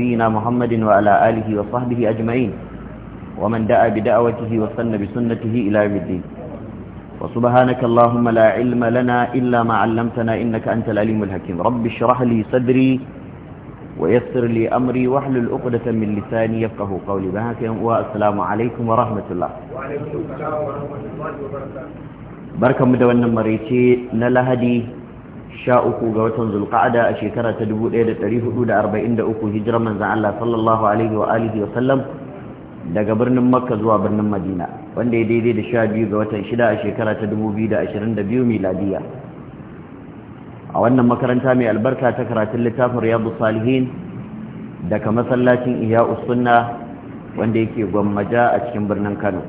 نبينا محمد وعلى آله وصحبه أجمعين ومن دعا بدعوته وسن بسنته إلى يوم الدين وسبحانك اللهم لا علم لنا إلا ما علمتنا إنك أنت العليم الحكيم رب اشرح لي صدري ويسر لي أمري واحلل عقدة من لساني يفقه قولي بهاك والسلام عليكم ورحمة الله وعليكم السلام ورحمة الله وبركاته بركة مدونة مريتي نلهدي sha uku ga watan zulqa'ada a shekara ta 1443 hijirar manzan Allah sallallahu alaihi wa alihi wa sallam daga birnin makka zuwa birnin madina wanda ya daidai da sha biyu ga watan shida a shekara ta 2022 miladiya a wannan makaranta mai albarka ta karatun littafin riyadu salihin daga masallacin iya usunna wanda yake gwammaja a cikin birnin kano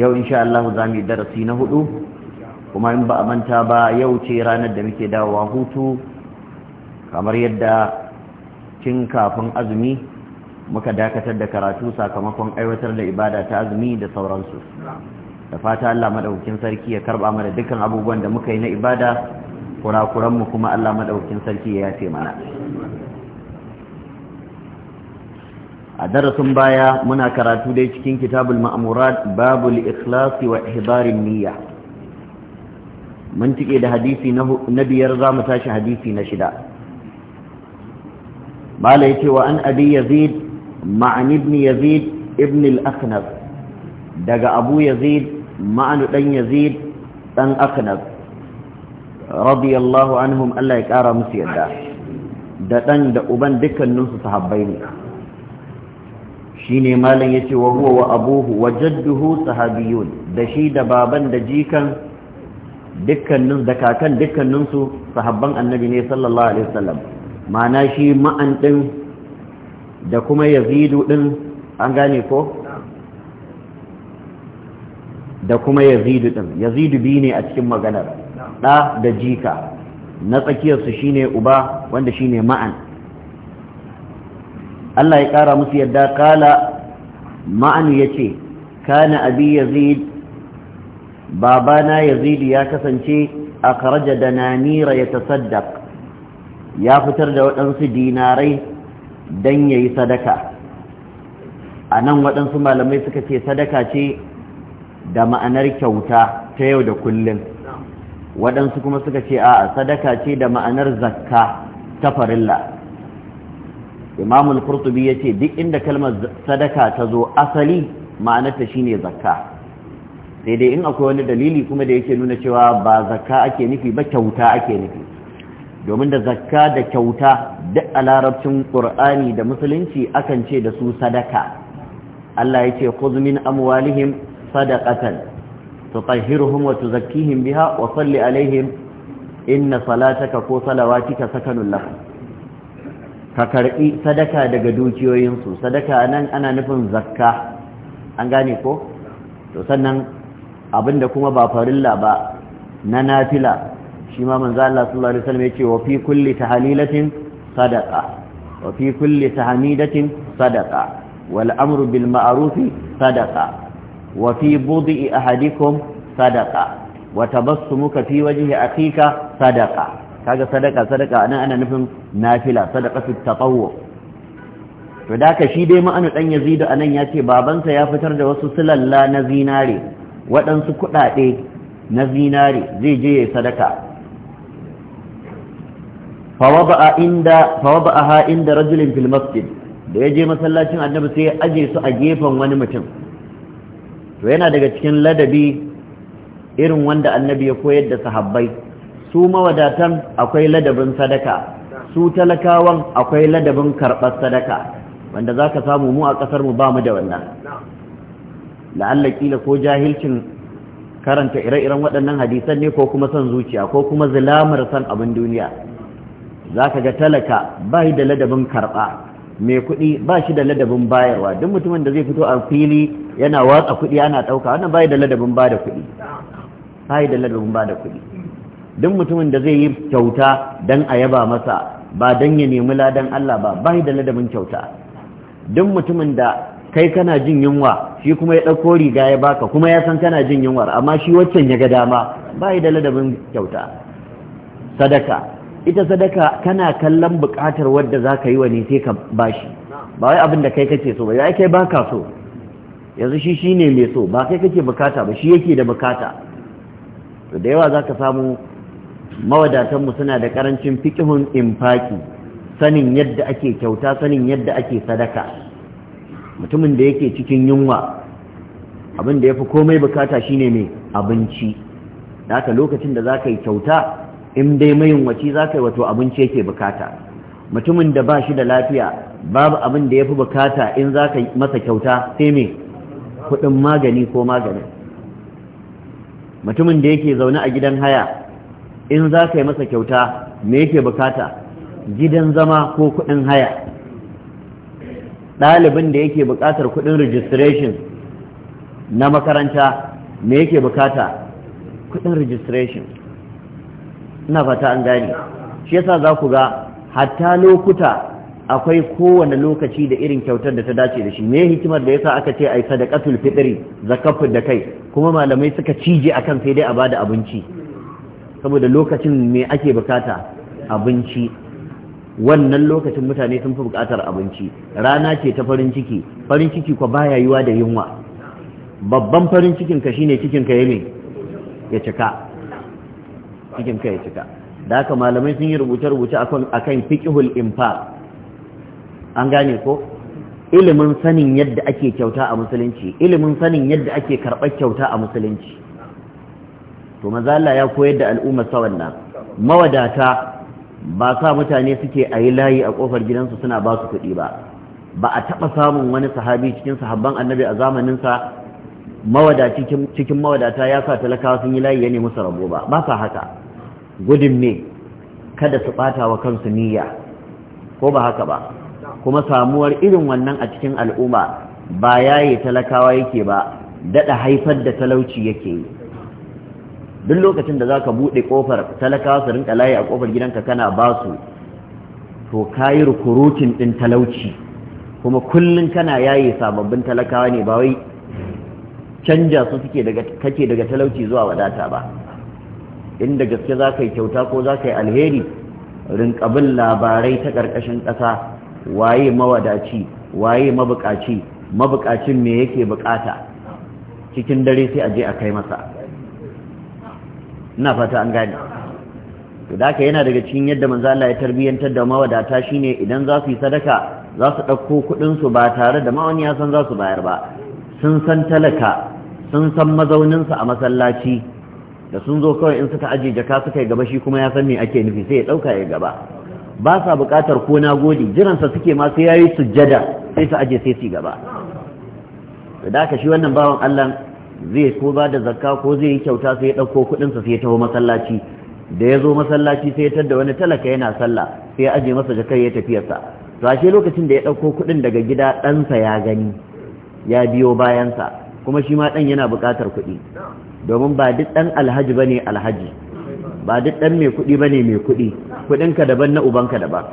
yau insha Allah za mu yi darasi na hudu kuma in ba a manta ba yau ce ranar da muke dawowa hutu kamar yadda cin kafin azumi muka dakatar da karatu sakamakon aiwatar da ibada ta azumi da sauransu da fata Allah madaukakin sarki ya karba mana dukkan abubuwan da muka yi na ibada kurakuran mu kuma Allah madaukakin sarki ya yace mana a darasin baya muna karatu dai cikin kitabul ma'murat babul ikhlasi wa ihdarin niyya mun tike da hadisi na biyar za mu tashi hadisi na shida mala ya ce wa an abi yazid ma'an ibn yazid ibn al-aknaf daga abu yazid ma'an dan yazid dan aknaf radiyallahu anhum Allah ya kara musu yadda da dan da uban dukkaninsu sahabbai ne shine malam yace wa huwa wa abuhu wa jadduhu sahabiyun da shi da baban da jikan dukkanin da kakan dukkaninsu sahabban annabi ne sallallahu alaihi wasallam ma'ana shi ma'an din da kuma yazidu din an gane ko da kuma yazidu din yazidu bi ne a cikin maganar da da jika na tsakiyarsu shine uba wanda ne ma'an Allah ya kara musu yadda kala ma'an yace kana abi yazid babana Yazidu ya kasance a karaja da nanira ya ta ya fitar da waɗansu dinarai don ya yi sadaka A nan waɗansu malamai suka ce sadaka ce da ma'anar kyauta ta yau da kullum waɗansu kuma suka ce a sadaka ce da ma'anar zakka ta farilla imamul ya ce duk inda kalmar sadaka ta zo asali ma'anarta shine zakka sai dai in akwai wani dalili kuma da yake nuna cewa ba zakka ake nufi ba kyauta ake nufi domin da zakka da kyauta duk a larabcin ƙur'ani da musulunci akan ce da su sadaka Allah ya ce kuzmin amwalihim sadaqatan tutahhiruhum wa tuzakkihim biha wa salli alaihim inna salataka ko salawatika sakanun lahum ka karbi sadaka daga dukiyoyinsu sadaka nan ana nufin zakka an gane ko to sannan abinda kuma ba farilla ba na nafila shi ma manzo Allah sallallahu alaihi wasallam yace wa fi kulli tahlilatin sadaqa wa fi kulli tahmidatin sadaqa wal amru bil ma'ruf sadaqa wa fi bud'i ahadikum sadaqa wa tabassumuka fi wajhi akhika sadaqa kaga sadaqa sadaqa anan ana nufin nafila sadaqatu tatawwu to da ka shi dai ma'anu dan yazidu anan yace babansa ya fitar da wasu silalla na zinare waɗansu kuɗaɗe na zinare zai je ya sadaka Fa a ha inda rajulin fil da ya je masallacin annabi sai ya aje su a gefen wani mutum to yana daga cikin ladabi irin wanda annabi ya koyar da sahabbai su mawadatan akwai ladabin sadaka su talakawan akwai ladabin karɓar sadaka wanda za ka samu mu a ƙasarmu ba mu da wannan la'alla kila ko jahilcin karanta ire-iren waɗannan hadisan ne ko kuma son zuciya ko kuma zilamar son abin duniya za ka ga talaka ba da ladabin karɓa mai kuɗi ba shi da ladabin bayarwa duk mutumin da zai fito a fili yana watsa kuɗi ana ɗauka wannan ba da ladabin ba da kuɗi ba shi da ladabin ba da kuɗi duk mutumin da zai yi kyauta don a yaba masa ba don ya nemi ladan Allah ba ba shi da ladabin kyauta duk mutumin da kai kana jin yunwa shi kuma ya ɗauko riga ya baka kuma ya san kana jin yunwa amma shi waccan ya ga dama ba da ladabin kyauta sadaka ita sadaka kana kallon buƙatar wadda za ka yi wa ne sai ka bashi ba wai abin da kai kace so ba ya kai baka so yanzu shi shi ne mai so ba kai kake bukata ba shi yake da bukata to da yawa za ka samu mawadatanmu suna da karancin fikihun infaki sanin yadda ake kyauta sanin yadda ake sadaka mutumin da yake cikin yunwa abin da ya fi komai bukata shine mai abinci haka lokacin da za ka yi kyauta in dai yunwaci za ka yi wato abinci yake bukata mutumin da ba shi da lafiya babu abin da ya fi bukata in za ka masa kyauta sai mai kudin magani ko maganin mutumin da yake zaune a gidan haya in za ka yi masa kyauta me yake bukata gidan zama ko kudin haya ɗalibin da yake buƙatar kuɗin registration na makaranta me yake buƙata kuɗin registration ina fata an gani shi yasa za ku ga hatta lokuta akwai kowane lokaci da irin kyautar da ta dace da shi me hikimar da yasa aka ce ai sadaqatul fitri zakafin da kai kuma malamai suka cije akan sai dai a bada abinci saboda lokacin me ake bukata abinci wannan lokacin mutane sun fi buƙatar abinci rana ce ta farin ciki farin ciki kwa baya yiwa da yunwa babban farin cikin ka shine cikin ka yame ya cika cikin ka ya cika da haka malamai sun yi rubuce-rubuce akan fiqhul infaq an gane ko ilimin sanin yadda ake kyauta a musulunci ilimin sanin yadda ake karɓar kyauta a musulunci to maza Allah ya koyar da al'ummar sa wannan mawadata ba sa mutane suke a yi layi a kofar gidansu suna ba su kuɗi ba ba a taɓa samun wani sahabi cikin sahabban annabi a zamaninsa mawadaci cikin mawadata ya sa talakawa sun yi layi ya nemi su rabo ba ba sa haka gudun me kada su ɓata wa kansu niyya ko ba haka ba kuma samuwar irin wannan a cikin al'umma ba yaye talakawa yake ba daɗa haifar da talauci yake yi duk lokacin da za ka buɗe ƙofar talaka su rinka layi a kofar gidanka kana ba su to yi rukurutin ɗin talauci kuma kullum kana yaye sababbin talakawa ne ba wai canja su suke daga kake daga talauci zuwa wadata ba inda gaske za ka yi kyauta ko za ka yi alheri bin labarai ta ƙarƙashin ƙasa waye mawadaci waye mabuƙaci? mabukacin me yake buƙata? cikin dare sai a je a kai masa ina fata an gane to da ka yana daga cikin yadda manzo Allah ya tarbiyantar da mawadata shine idan za su yi sadaka za su dauko kuɗin su ba tare da mawani ya san za su bayar ba sun san talaka sun san mazaunin su a masallaci da sun zo kawai in suka aje jaka suka yi gaba shi kuma ya san me ake nufi sai ya dauka ya gaba ba sa buƙatar ko na gode jiransa suke ma sai yayi sujjada sai su aje sai su gaba da haka shi wannan bawan Allah zai ko ba da zakka ko zai yi kyauta sai ya ɗauko kuɗinsa sai ya taho masallaci da ya zo masallaci sai ya tadda wani talaka yana sallah sai ya aje masa jakar ya tafiyarsa sashe lokacin da ya ɗauko kuɗin daga gida ɗansa ya gani ya biyo bayansa kuma shi ma ɗan yana buƙatar kuɗi domin ba duk ɗan alhaji ba ne alhaji ba duk ɗan mai kuɗi ba ne mai kuɗi kuɗinka daban na ubanka daban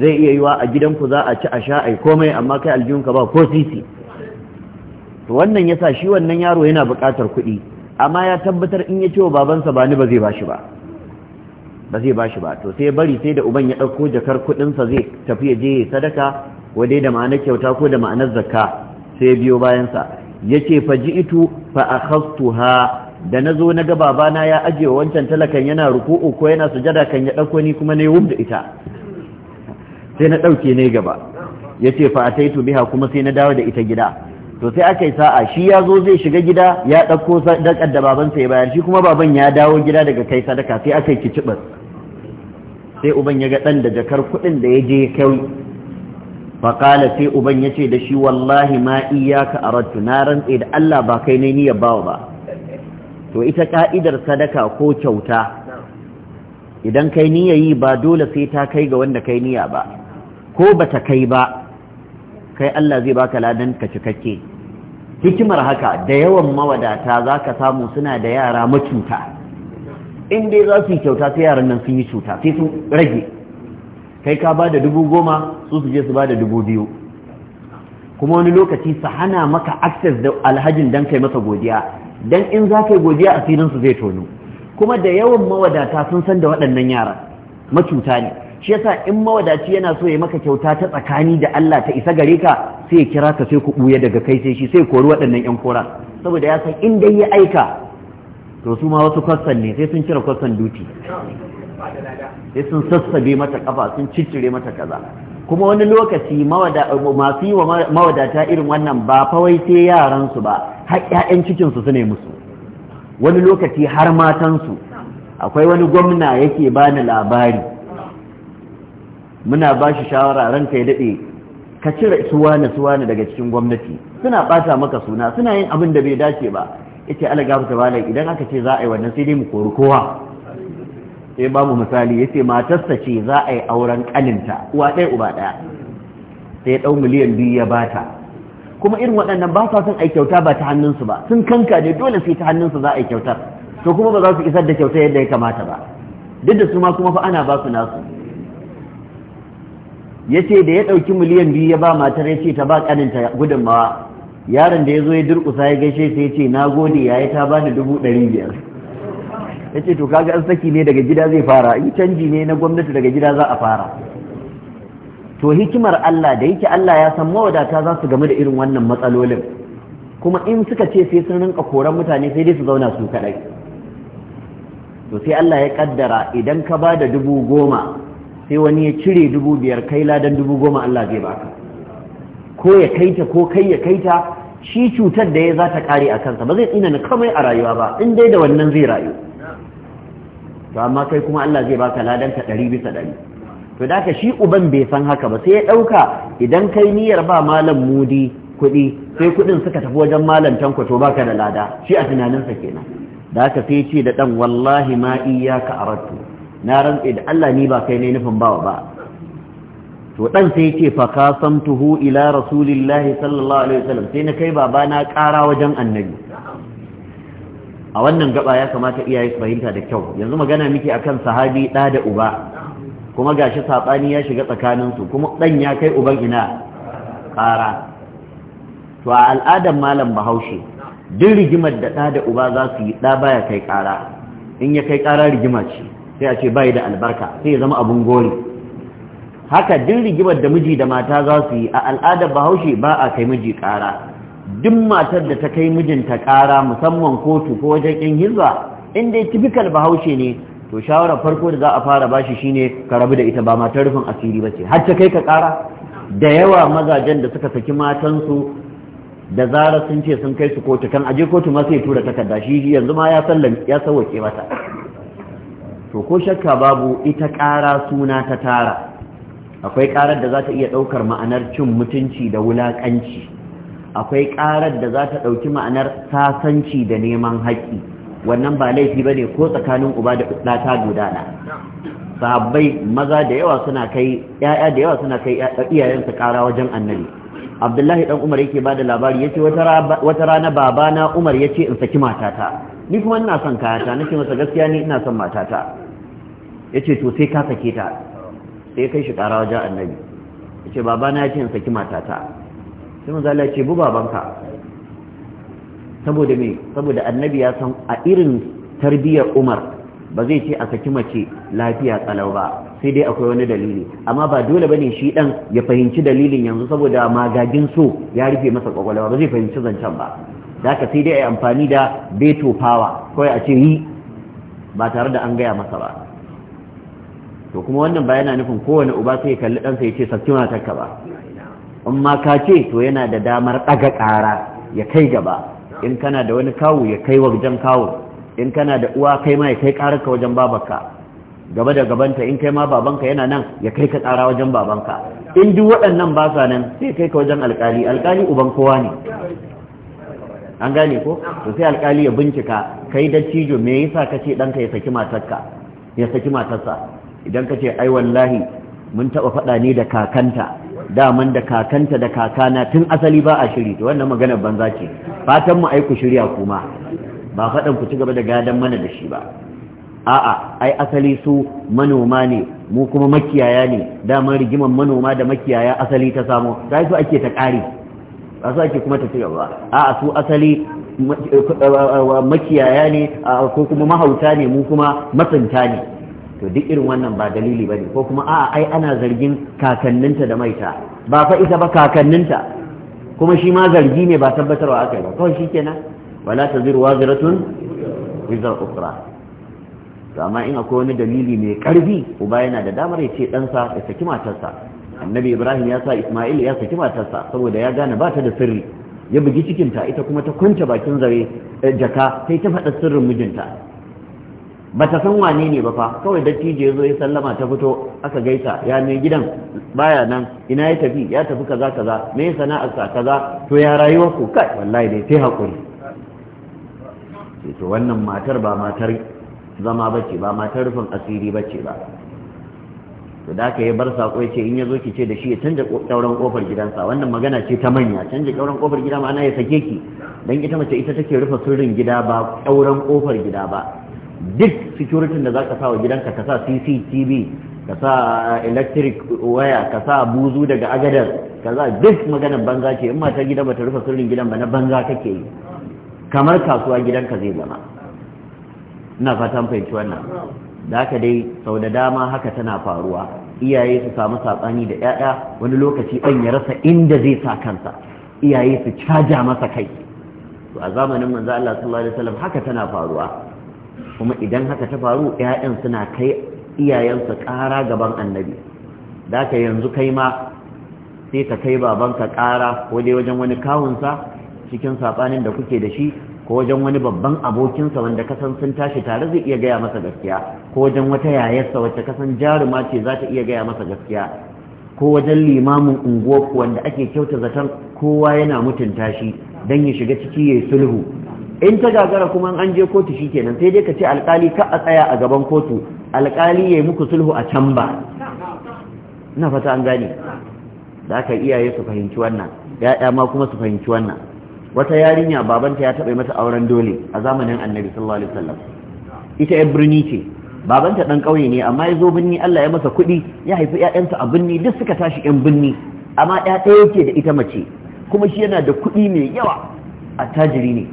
zai iya yiwa a gidan ku za a ci a sha ai komai amma kai aljihunka ba ko sisi to wannan yasa shi wannan yaro yana buƙatar kuɗi amma ya tabbatar in ya ce wa babansa ba ni ba zai bashi ba ba zai bashi ba to sai bari sai da uban ya ɗauko jakar kuɗinsa zai tafi ya je ya sadaka ko dai da ma'anar kyauta ko da ma'anar zakka sai ya biyo bayansa ya ce fa ji'itu fa akhadtuha da na zo na ga babana ya ajiye wancan talakan yana ruku'u ko yana sujada kan ya ɗauko ni kuma na yi da ita sai na ɗauke ne gaba yace ce fa ataitu biha kuma sai na dawo da ita gida to sai aka yi sa'a shi ya zo zai shiga gida ya ɗauko sadakar da babansa ya bayar shi kuma baban ya dawo gida daga kai sadaka sai aka yi kicibar sai uban ya ga ɗan da jakar kuɗin da ya je kai faƙala sai uban ya ce da shi wallahi ma iyaka arattu na rantse da Allah ba kai ne niyyar bawa ba to ita ka'idar sadaka ko kyauta idan kai niyya yi ba dole sai ta kai ga wanda kai niyya ba ko bata kai ba kai Allah zai baka ladan ka cikakke hikimar haka da yawan mawadata za ka samu suna da yara macuta in dai za su yi kyauta sai yaran nan sun yi cuta sai sun rage kai ka ba da dubu goma su su je su ba da dubu biyu kuma wani lokaci su hana maka access da alhajin don kai masa godiya don in za ka yi godiya a zai tono kuma da yawan mawadata sun san da waɗannan yaran macuta ne shi yasa in mawadaci yana so ya maka kyauta ta tsakani da Allah ta isa gare ka sai ya kira ka sai ku buya daga kai sai shi sai kori waɗannan ƴan kora saboda ya san in dai ya aika to su ma wasu kwastan ne sai sun cire kwastan duti sai sun sassabe mata kafa sun ciccire mata kaza kuma wani lokaci masu yi wa mawadata irin wannan ba fawai sai yaransu ba har 'ya'yan cikin su ne musu wani lokaci har matan su akwai wani gwamna yake bani labari muna ba shi shawara ranka ya daɗe ka cire suwane suwane daga cikin gwamnati suna ɓata maka suna suna yin abin da bai dace ba ita ala ta bala idan aka ce za a yi wannan sai dai mu kori kowa sai ba mu misali yace matarsa ce za a yi auren kaninta uwa ɗaya uba ɗaya sai ɗau miliyan biyu ya bata kuma irin waɗannan ba sa son a kyauta ba ta hannunsu ba sun kanka ne dole sai ta hannunsu za a yi kyautar to kuma ba za su isar da kyauta yadda ya kamata ba duk da su ma kuma fa ana ba su nasu Ya ce da ya ɗauki miliyan biyu ya ba matar ya ce ta ba ƙaninta gudunmawa yaron da ya zo ya durƙusa ya gaishe sai ya ce na gode ya yi ta bani dubu ɗari biyar ya ce to kaga an saki ne daga gida zai fara in canji ne na gwamnati daga gida za a fara to hikimar Allah da yake Allah ya san mawadata za su game da irin wannan matsalolin kuma in suka ce sai sun rinka koran mutane sai dai su zauna su kaɗai to sai Allah ya ƙaddara idan ka ba da dubu goma sai wani ya cire dubu biyar kai ladan dubu goma Allah zai baka ko ya kaita ko kai ya kaita shi cutar da ya za ta kare a kansa ba zai tsina na kamai a rayuwa ba in dai da wannan zai rayu to amma kai kuma Allah zai baka ladan ta ɗari bisa ɗari to da shi uban bai san haka ba sai ya ɗauka idan kai niyyar ba malam mudi kuɗi sai kuɗin suka tafi wajen malam tanko to baka da lada shi a tunaninsa kenan da haka sai ce da ɗan wallahi ma iyaka aratu na rantse da Allah ni ba kai ne nufin bawa ba to dan sai yace fa qasamtuhu ila rasulillahi sallallahu alaihi wasallam sai na kai baba na ƙara wajen annabi a wannan gaba ya kamata iyaye su fahimta da kyau yanzu magana miki akan sahabi da da uba kuma gashi sabani ya shiga tsakanin su kuma dan ya kai uban ina ƙara to a al'adar malam bahaushe duk rigimar da ɗa da uba za su yi ɗa baya kai ƙara in ya kai ƙara rigima ce sai a ce bai da albarka sai ya zama abun gori haka duk rigibar da miji da mata za su yi a al'adar bahaushe ba a kai miji kara duk matar da ta kai mijinta kara musamman kotu ko wajen yan hizba in dai typical bahaushe ne to shawarar farko da za a fara bashi shine ka rabu da ita ba matar rufin asiri ba ce har ta kai ka kara da yawa mazajen da suka saki matansu da zarar sun ce sun kai su kotu kan aje kotu ma sai tura takarda shi yanzu ma ya sallan ya sawwake mata to ko shakka babu ita ƙara suna ta tara akwai ƙarar da za ta iya ɗaukar ma'anar cin mutunci da wulaƙanci akwai ƙarar da za ta ɗauki ma'anar sasanci da neman haƙƙi wannan ba laifi ba ne ko tsakanin uba da ɗata guda ɗa sahabbai maza da yawa suna kai ƴaƴa da yawa suna kai iyayensu ƙara wajen annabi abdullahi ɗan umar yake bada labari yace wata rana babana umar yace in saki matata ni kuma ina son kayata nake masa gaskiya ni ina son matata ya ce to sai ka sake ta sai kai shi ƙara wajen annabi ya ce babana ya ce in saki matata sai manzala ya ce bu babanka saboda me saboda annabi ya san a irin tarbiyyar umar ba zai ce a saki mace lafiya tsalau ba sai dai akwai wani dalili amma ba dole bane shi ɗan ya fahimci dalilin yanzu saboda magagin so ya rufe masa kwakwalwa ba zai fahimci zancen ba da haka sai dai a yi amfani da beto power kawai a ce yi ba tare da an gaya masa ba to kuma wannan ba yana nufin kowane uba sai ya kalli ɗansa ya ce sakci takka ba in ma ka ce to yana da damar ɗaga ƙara ya kai gaba in kana da wani kawu ya kai wajen kawu in kana da uwa kai ma ya kai ƙararka wajen babanka gaba da gabanta in kai ma babanka yana nan ya kai ka ƙara wajen babanka in duk waɗannan ba sa nan sai kai ka wajen alƙali alƙali uban kowa ne an gane ko to sai alƙali ya bincika kai dattijo me yasa kace ɗanka ya saki matarka ya saki matarsa idan ka ce ai wallahi mun taɓa faɗa ne da kakanta daman da kakanta da kakana tun asali ba a shiri to wannan maganar banza ce fatan mu ai ku shirya kuma ba faɗan ku ci gaba da gadan mana da shi ba a'a ai asali su manoma ne mu kuma makiyaya ne daman rigiman manoma da makiyaya asali ta samo ta su ake ta ƙari ba su ake kuma ta ci gaba a'a su asali eh, eh, makiyaya ne ko kuma mahauta ne mu kuma matsinta ne to duk irin wannan ba dalili ne ko kuma a ai ana zargin kakanninta da maita ba fa ita ba kakanninta kuma shi ma zargi ne ba tabbatarwa yi ba kawai shi shikenan wala taziru waziratun wizar ukra to amma in akwai wani dalili mai karfi uba yana da damar ya ce ɗansa ya saki matarsa annabi ibrahim ya sa isma'il ya saki matarsa saboda ya gane ba ta da sirri ya bugi cikinta ita kuma ta kunta bakin zare eh, jaka sai ta faɗa sirrin mijinta ba ta san wane ne ba fa kawai dattijo ya zo ya sallama ta fito aka gaita ya mai gidan baya nan ina ya tafi ya tafi kaza kaza me sa kaza to ya rayuwa ku kai wallahi dai sai hakuri to wannan matar ba matar zama bace ba matar rufin asiri bace ba to da ka yi bar sako ya in ya zo ki ce da shi ya canja kauran kofar gidansa wannan magana ce ta manya canja kauran kofar gida ana ya sake ki dan ita mace ita take rufe sirrin gida ba kauran kofar gida ba duk security da za ka sa wa gidanka ka sa CCTV ka sa uh, electric waya ka sa buzu daga agadar ka sa duk maganar banza ce in mata gida bata rufe sirrin gidan ba na banza kake yi kamar kasuwa gidanka zai zama ina fatan fahimci wannan da haka dai sau da dama haka tana faruwa iyaye su samu saɓani da 'ya'ya wani lokaci ɗan ya rasa inda zai sa kansa iyaye su caja masa kai to a zamanin manzo Allah sallallahu alaihi wasallam haka tana faruwa kuma idan haka ta faru ƴaƴan suna kai iyayensu ƙara gaban annabi da ka yanzu kai ma sai ka kai babanka ƙara ko dai wajen wani kawunsa cikin saɓanin da kuke da shi ko wajen wani babban abokinsa wanda kasan sun tashi tare zai iya gaya masa gaskiya ko wajen wata yayarsa wacce kasan jaruma ce za ta iya gaya masa gaskiya ko wajen limamin unguwarku wanda ake kyauta zaton kowa yana mutunta shi don ya shiga ciki ya sulhu in ta gagara kuma an je kotu shi kenan, sai dai ka ce alkali ka a tsaya a gaban kotu alkali ya yi muku sulhu a can ba na fata an gane da aka iyaye su fahimci wannan ya'ya ma kuma su fahimci wannan wata yarinya babanta ya taɓa mata auren dole a zamanin annabi sallallahu alaihi wasallam ita ya birni ce babanta dan ƙauye ne amma ya zo birni Allah ya masa kuɗi ya haifi ƴaƴansa a birni duk suka tashi ƴan birni amma ɗaya ɗaya yake da ita mace kuma shi yana da kuɗi mai yawa attajiri ne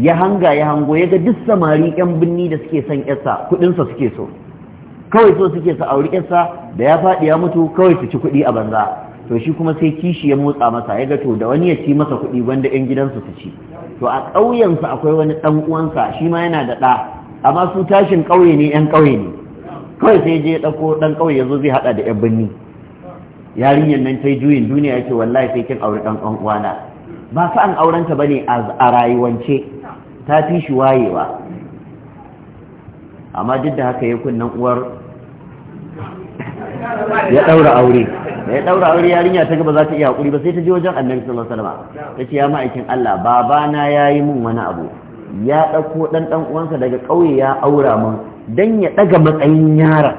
ya hanga ya hango ya ga duk samari yan binni da suke son yarsa kudinsa suke so kawai so suke sa auri yarsa da ya faɗi ya mutu kawai su ci kuɗi a banza to shi kuma sai kishi ya motsa masa ya ga to da wani ya ci masa kuɗi wanda yan gidansu su ci to a ƙauyensa akwai wani ɗan uwansa shi ma yana da ɗa amma su tashin ƙauye ne yan ƙauye ne kawai sai je ɗauko ɗan ƙauye ya zo zai haɗa da yan binni. yarinyar nan ta yi juyin duniya ya ce wallahi sai kin auri ɗan uwana ba fa an aurenta bane a rayuwance ta fi shi wayewa amma duk da haka ya kunnan uwar ya daura aure da ya daura aure yarinya ta gaba za ta iya hakuri ba sai ta je wajen annabi sallallahu alaihi wasallam ta ce ya ma'aikin Allah babana yayi min wani abu ya dauko dan dan uwansa daga kauye ya aura min dan ya daga matsayin yaran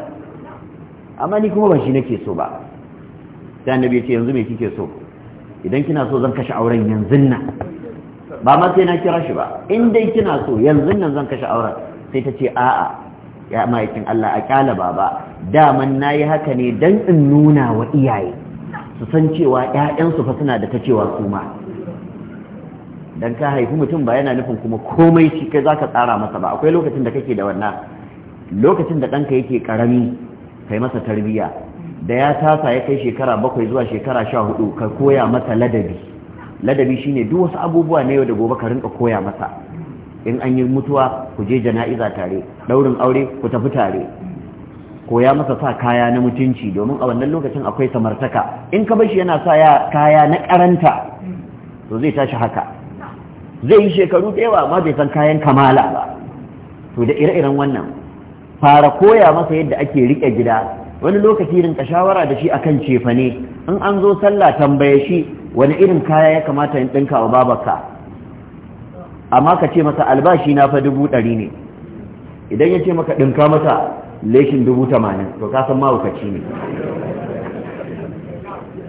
amma ni kuma ba shi nake so ba sai annabi ya ce yanzu me kike so idan kina so zan kashe auren yanzu nan ba ma sai na kira shi ba in dai kina so yanzu nan zan kashe auren sai ta ce a'a ya ma'aikin Allah a kyala baba daman yi haka ne dan in nuna wa iyaye su san cewa 'ya'yansu fa suna da ta cewa su ma dan ka haifi mutum ba yana nufin kuma komai shi kai zaka tsara masa ba akwai lokacin da kake da wannan lokacin da ɗanka yake karami kai masa tarbiyya da ya tasa ya kai shekara bakwai zuwa shekara sha hudu ka koya masa ladabi ladabi shine duk wasu abubuwa na yau da gobe ka rinka koya masa in an yi mutuwa ku je jana'iza tare Ɗaurin aure ku tafi tare koya masa sa kaya na mutunci domin a wannan lokacin akwai samartaka in ka bashi yana sa ya kaya na karanta to zai tashi haka zai yi shekaru da yawa amma bai san kayan kamala ba to da ire-iren wannan fara koya masa yadda ake rike gida wani lokaci rinka shawara da shi akan cefane in an zo sallah tambaye shi wani irin kaya ya kamata in ɗinka wa babarka amma ka ce masa albashi na fa dubu ɗari ne idan ya ce maka ɗinka masa leshin dubu tamanin to ka san mawukaci ne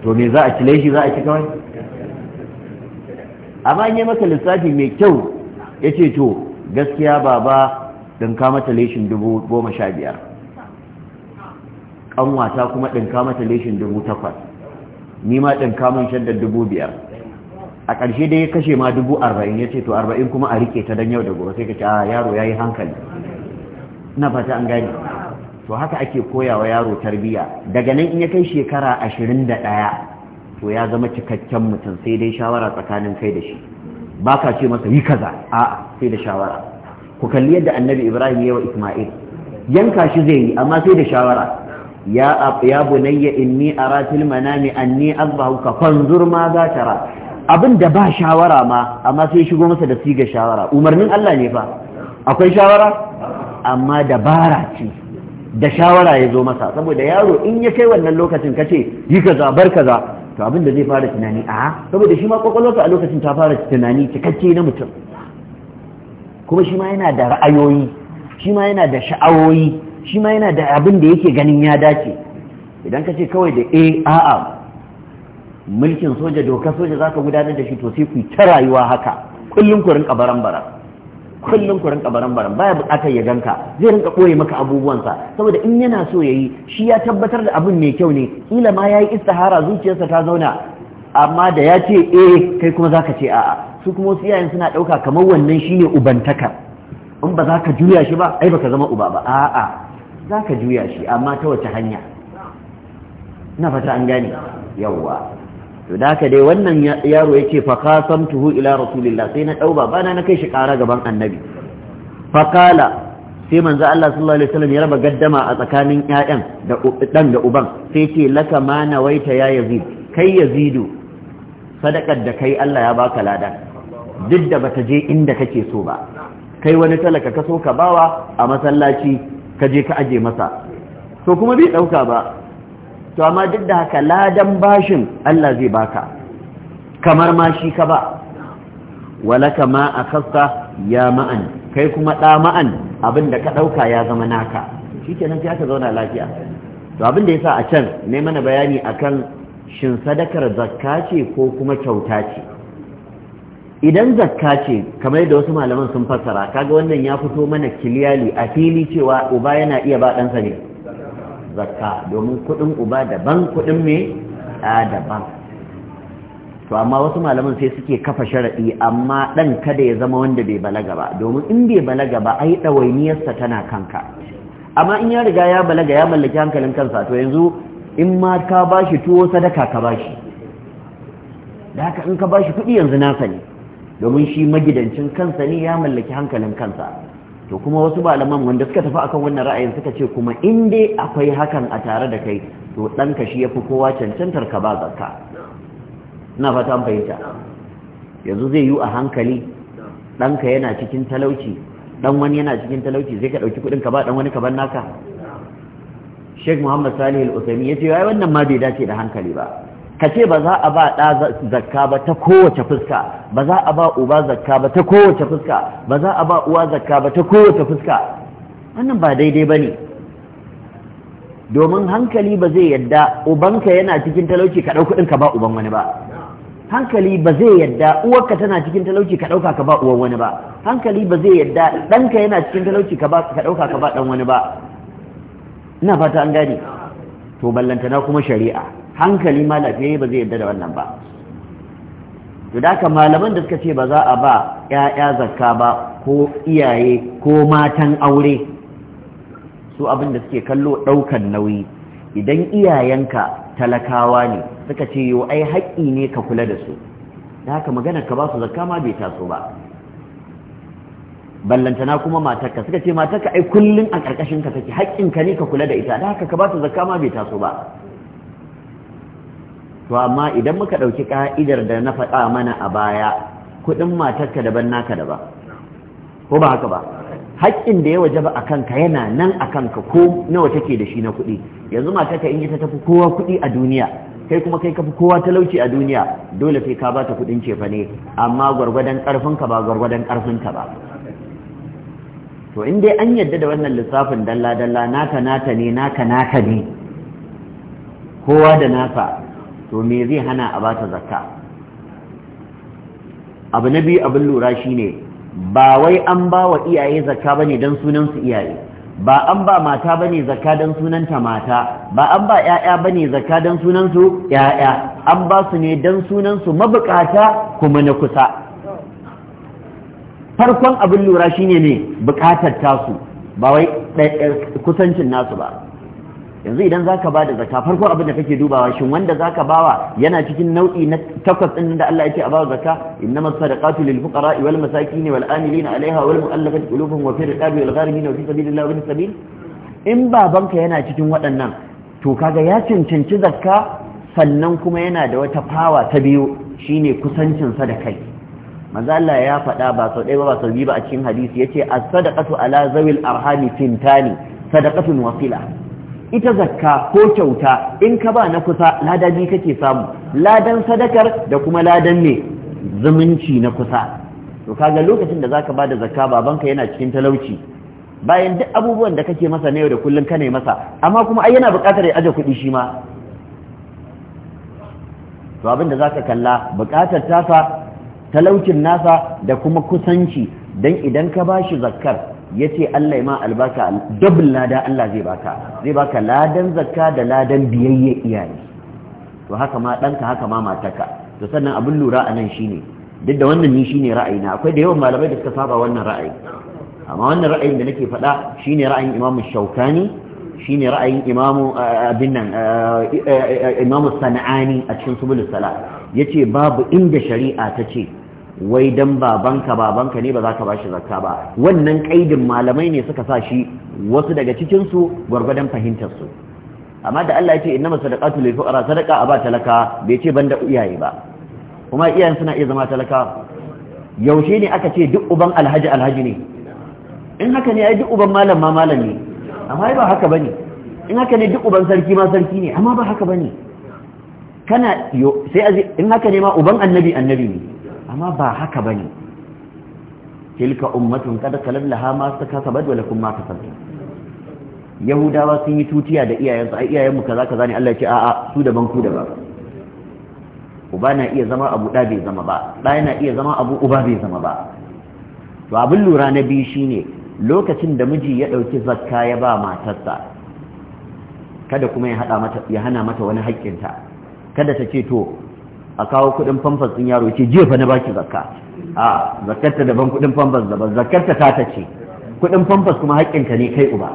to me za a ci leshi za a ci kawai amma in yi masa lissafi mai kyau ya ce to gaskiya baba ɗinka mata leshin dubu goma sha biyar ƙanwata kuma ɗinka mata leshin dubu takwas ni ma ɗin kamun shaddar dubu biyar a ƙarshe dai ya kashe ma dubu arba'in ya ce to arba'in kuma a rike ta don yau da gobe sai ka ce a ah, yaro ya yi hankali na fata an gani to haka ake koyawa yaro tarbiyya daga nan in ya kai shekara ashirin da ɗaya to ya zama cikakken mutum sai dai shawara tsakanin kai da shi ba ka ce masa yi kaza a'a sai da shawara ku kalli yadda annabi ibrahim ya wa isma'il yanka shi zai yi amma sai da shawara ya ya bunayya inni ara fil manami anni azbahuka fanzur ma za tara abin da ba shawara ma amma sai shigo masa da siga shawara umarnin Allah ne fa akwai shawara amma dabara ce da shawara ya zo masa saboda yaro in ya kai wannan lokacin kace yi kaza bar kaza to abin da zai fara tunani a saboda shi ma kwakwalwarsa a lokacin ta fara tunani cikakke na mutum kuma shi ma yana da ra'ayoyi shi ma yana da sha'awoyi shi ma yana da abin da yake ganin ya dace idan ka ce kawai da a'a mulkin soja doka soja za ka gudanar da shi to sai ku ta rayuwa haka kullum ku rinka baran-baran kullum ku rinka baran-baran baya bukatar ya ganka zai rinka koye maka abubuwansa saboda in yana so ya yi, shi ya tabbatar da abin mai kyau ne kila ma ya yi istihara zuciyarsa ta zauna amma da ya ce eh kai kuma za ka ce a'a su kuma wasu iyayen suna ɗauka, kamar wannan shine ubantaka in ba za ka juya shi ba ai baka zama uba ba a'a za ka juya shi amma ta wace hanya na fata an gane yawwa to da ka dai wannan yaro yake fa tuhu ila rasulillah sai na ɗauba, bana na kai shi kara gaban annabi Fakala qala sai manzo Allah sallallahu alaihi wasallam ya raba gaddama a tsakanin ƴaƴan da dan da uban sai ce laka ma waita ya yazid kai yazidu sadakar da kai Allah ya baka lada duk da bata je inda kake so ba kai wani talaka ka so ka bawa a masallaci ka je ka aje masa to kuma bai dauka ba to amma duk da haka ladan bashin Allah zai baka kamar ma shi ka ba walaka ma a ya ma'an kai kuma ɗa ma'an abin da ka ɗauka ya zama naka shi kenan sai aka zauna lafiya to abin da ya a can ne mana bayani akan shin sadakar zakka ce ko kuma kyauta ce idan zakka ce kamar yadda wasu malaman sun fassara kaga wannan ya fito mana kiliyali a fili cewa uba yana iya ba ɗansa ne zakka domin kuɗin uba daban kuɗin me ɗa daban to amma wasu malaman sai suke kafa sharaɗi amma ɗan kada ya zama wanda bai balaga ba domin in bai balaga ba ai ɗawainiyarsa tana kanka amma in ya riga ya balaga ya mallaki hankalin kansa to yanzu in ma ka bashi tuwo sadaka ka bashi da haka in ka bashi kuɗi yanzu nasa ne domin shi magidancin kansa ne ya mallaki hankalin kansa to kuma wasu malaman wanda suka tafi akan wannan ra'ayin suka ce kuma in dai akwai hakan a tare da kai to danka shi ya kowa cancantar ka ba zakka ina fata an fahimta yanzu zai yi a hankali ka yana cikin talauci Dan wani yana cikin talauci zai ka ɗauki kuɗin ka ba dan wani ka ban naka Sheikh Muhammad Salih Al-Uthaymeen yace wai wannan ma bai dace da hankali ba ka ce ba za a ba ɗa zakka ba ta kowace fuska ba za a ba uba zakka ba ta kowace fuska ba za a ba uwa zakka ba ta kowace fuska wannan ba daidai ba ne domin hankali ba zai yadda ubanka yana cikin talauci ka ɗau kuɗin ka ba uban wani ba hankali ba zai yadda uwarka tana cikin talauci ka ɗauka ka ba uwan wani ba hankali ba zai yadda ɗanka yana cikin talauci ka ɗauka ka ba ɗan wani ba ina fata an gane to ballantana kuma shari'a hankali ma lafiyayye ba zai yarda da wannan ba to da ka malaman da suka ce ba za a ba ƴaƴa zakka ba ko iyaye ko matan aure su abin da suke kallo ɗaukan nauyi idan iyayenka talakawa ne suka ce yo ai haƙƙi ne ka kula da su da haka magana ka ba su zakka ma bai taso ba ballantana kuma matarka suka ce matarka ai kullun a ƙarƙashin ka take haƙƙin ka ne ka kula da ita da haka ka ba su zakka ma bai taso ba to amma idan muka ɗauki ka'idar da na faɗa mana a baya kuɗin matarka daban naka daban ko ba haka ba haƙƙin da ya waje ba a kanka yana nan a kanka ko nawa take da shi na kuɗi yanzu matarka in yi ta tafi kowa kuɗi a duniya kai kuma kai kafi kowa talauci a duniya dole sai ka bata kuɗin cefa ne amma gwargwadon ƙarfinka ba gwargwadon ƙarfinka ba to in dai an yadda da wannan lissafin dalla-dalla naka naka ne naka naka ne kowa da nasa to me zai hana a bata zakka abu na biyu abin lura shine ba wai an ba wa iyaye zakka bane ne don sunansu iyaye ba an ba mata ba ne zakka don sunanta mata ba an ba ba bane zakka don sunansu 'ya'ya. an ba su ne don sunansu mabukata kuma na kusa farkon abin lura shine ne bukatar tasu ba wai kusancin nasu ba yanzu idan zaka ba da zakka farko abin da kake dubawa shin wanda zaka bawa yana cikin nau'i na takwas din da Allah yake a bawa zakka innamas sadaqatu lil fuqara wal masakin wal amilin alaiha wal mu'allafati qulubuhum wa fi riqabi wal gharimin wa fi sabilillahi wa sabil in babanka yana cikin waɗannan to kaga ya cancanci zakka sannan kuma yana da wata fawa ta biyu shine kusancin sa da kai manzo Allah ya faɗa ba sau ɗaya ba ba sau biyu ba a cikin hadisi yace as-sadaqatu ala zawil arhami tintani sadaqatun wasila ita zakka ko kyauta in ka ba na kusa ladabi kake samu ladan sadakar da kuma ladan ne zumunci na kusa to kaga lokacin da zaka bada zakka babanka yana cikin talauci bayan duk abubuwan da kake masa na yau da kullun kana masa amma kuma ai yana buƙatar ya aje kuɗi shi ma to abin da zaka kalla buƙatar tasa talaucin nasa da kuma kusanci dan idan ka bashi zakkar ya ce Allah ya ma dabin lada Allah zai baka zai baka ladan zakka da ladan biyayya iyaye to haka ma ɗanka haka ma mataka to sannan abin lura a nan shine duk da wannan ni shine ra'ayina akwai da yawan malamai da suka saba wannan ra'ayi amma wannan ra'ayin da nake faɗa shine ra'ayin imamu shaukani shine ra'ayin imamu eh, abin nan eh, eh, imamu sana'ani a cikin subulus sala yace babu inda shari'a ta ce wai dan babanka babanka ne ba za ka bashi zakka ba wannan kaidin malamai ne suka sa shi wasu daga cikinsu su gwargwadon fahimtar amma da Allah ya ce innama sadaqatu lil fuqara sadaqa aba talaka bai ce banda iyaye ba kuma iyayen suna iya zama talaka yaushe ne aka ce duk uban alhaji alhaji ne in haka ne ai duk uban malam ma malam ne amma ba haka bane in haka ne duk uban sarki ma sarki ne amma ba haka bane kana sai in haka ne ma uban annabi annabi ne amma ba haka ba ne tilka ummatun kada kalar laha ma su kasa bad wa kuma ma kasabtu yahudawa sun yi tutiya da iyayensu ai iyayenmu kaza kaza ne Allah ya ce a'a su daban ku daban uba na iya zama abu da bai zama ba da na iya zama abu uba bai zama ba to abin lura na biyu shine lokacin da miji ya dauki zakka ya ba matarsa kada kuma ya hada mata ya hana mata wani haƙƙinta kada ta ce to a kawo kudin famfas din yaro ce jiya fa na baki zakka a zakkarta daban kudin famfas daban zakkarta ta ta ce kudin famfas kuma haƙƙin ka ne kai uba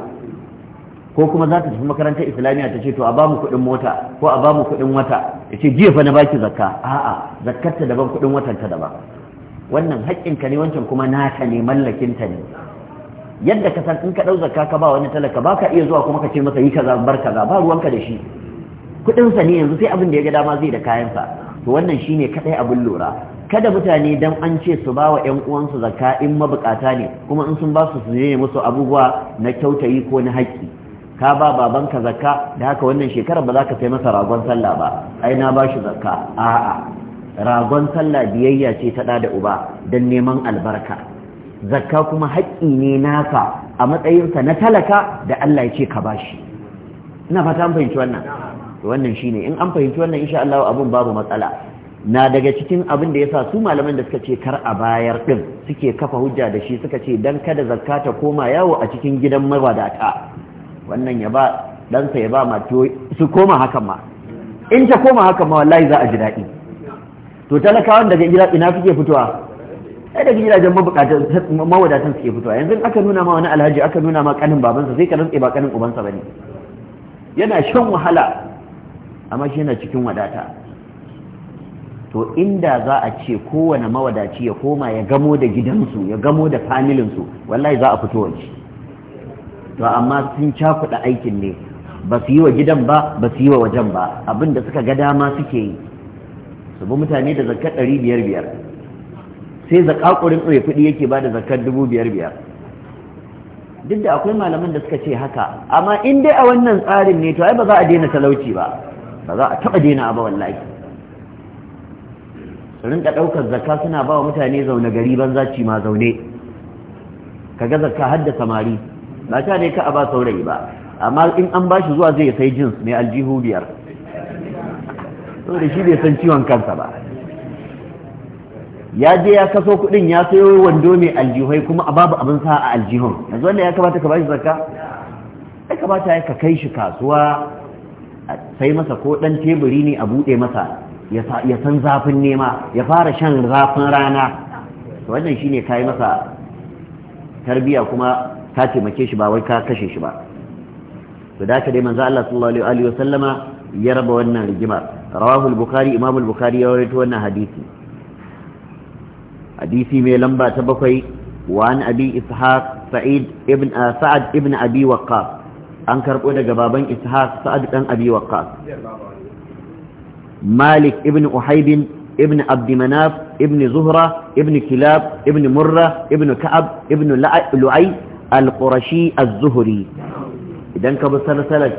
ko kuma za ta tafi makarantar islamiyya ta ce to a bamu kudin mota ko a bamu kudin wata ya ce jiya fa na baki zakka a'a zakkarta daban kudin watan ta daban wannan haƙƙin ka ne wancan kuma naka ne ta ne yadda ka san in ka dau zakka ka ba wani talaka ba ka iya zuwa kuma ka ce masa yi kaza barka ba ruwanka da shi kuɗinsa ne yanzu sai abin da ya ga dama zai da sa to wannan shine kaɗai abin lura kada mutane dan an ce su ba wa 'yan uwansu zakka in mabukata ne kuma in sun ba su su ne musu abubuwa na kyautayi ko na haƙƙi ka ba babanka zakka da haka wannan shekarar ba za ka sai masa ragon sallah ba ai na ba shi zakka a'a ragon sallah biyayya ce ta da uba don neman albarka zakka kuma haƙƙi ne naka a matsayinsa na talaka da Allah ya ce ka ba shi ina fata fahimci wannan wannan shi ne in an fahimci wannan insha Allah abun babu matsala na daga cikin abin da ya sa su malaman da suka ce kar a bayar din suke kafa hujja da shi suka ce dan kada zakka ta koma yawo a cikin gidan mawadata wannan ya ba ɗansa ya ba matiyo su koma hakan ma in ta koma hakan ma wallahi za a ji daɗi to talakawan daga gida ina suke fitowa ai daga gidajen mawadatan suke fitowa yanzu aka nuna ma wani alhaji aka nuna ma kanin babansa sai ka rantsa ba kanin ubansa bane yana shan wahala amma shi yana cikin wadata to inda za a ce kowane mawadaci ya koma ya gamo da gidansu ya gamo da familinsu wallahi za a fito waje to amma sun cakuɗa aikin ne ba su yi wa gidan ba ba su yi wa wajen ba abin da suka ga dama suke yi su bi mutane da zakar ɗari biyar biyar sai zakakurin ɗaya kuɗi yake ba da zakar dubu biyar biyar duk da akwai malaman da suka ce haka amma in dai a wannan tsarin ne to ai ba za a daina talauci ba ba za a taɓa daina ba wallahi sunan rinka ɗaukar zakka suna ba wa mutane zaune gari banza ci ma zaune ka ga zakka har da samari ba ta ne ka a ba saurayi ba amma in an ba shi zuwa zai sai jins mai aljihu biyar da shi bai san ciwon kansa ba ya je ya kaso kuɗin ya sayo wando mai aljihai kuma a babu abin sa a aljihun yanzu wanda ya kamata ka ba shi zakka ya kamata ya ka kai shi kasuwa sai masa ko ɗan teburi ne a buɗe masa ya san zafin nema ya fara shan zafin rana wannan ka kayi masa tarbiya kuma ka taimake shi ba wai ka kashe shi ba to da ka dai manzo Allah sallallahu alaihi wa sallama ya raba wannan rigima rawahu al-bukhari imam al-bukhari ya rawaito wannan hadisi hadisi mai lamba ta bakwai wa an abi ishaq sa'id ibn sa'ad ibn abi waqqas an karɓo daga baban ishaq sa'ad dan abi waqqas malik ibn uhaybin ibn abd manaf ibn zuhra ibn kilab ibn murra ibn ka'ab ibn lu'ay al-qurashi az-zuhri idan ka bi salsalar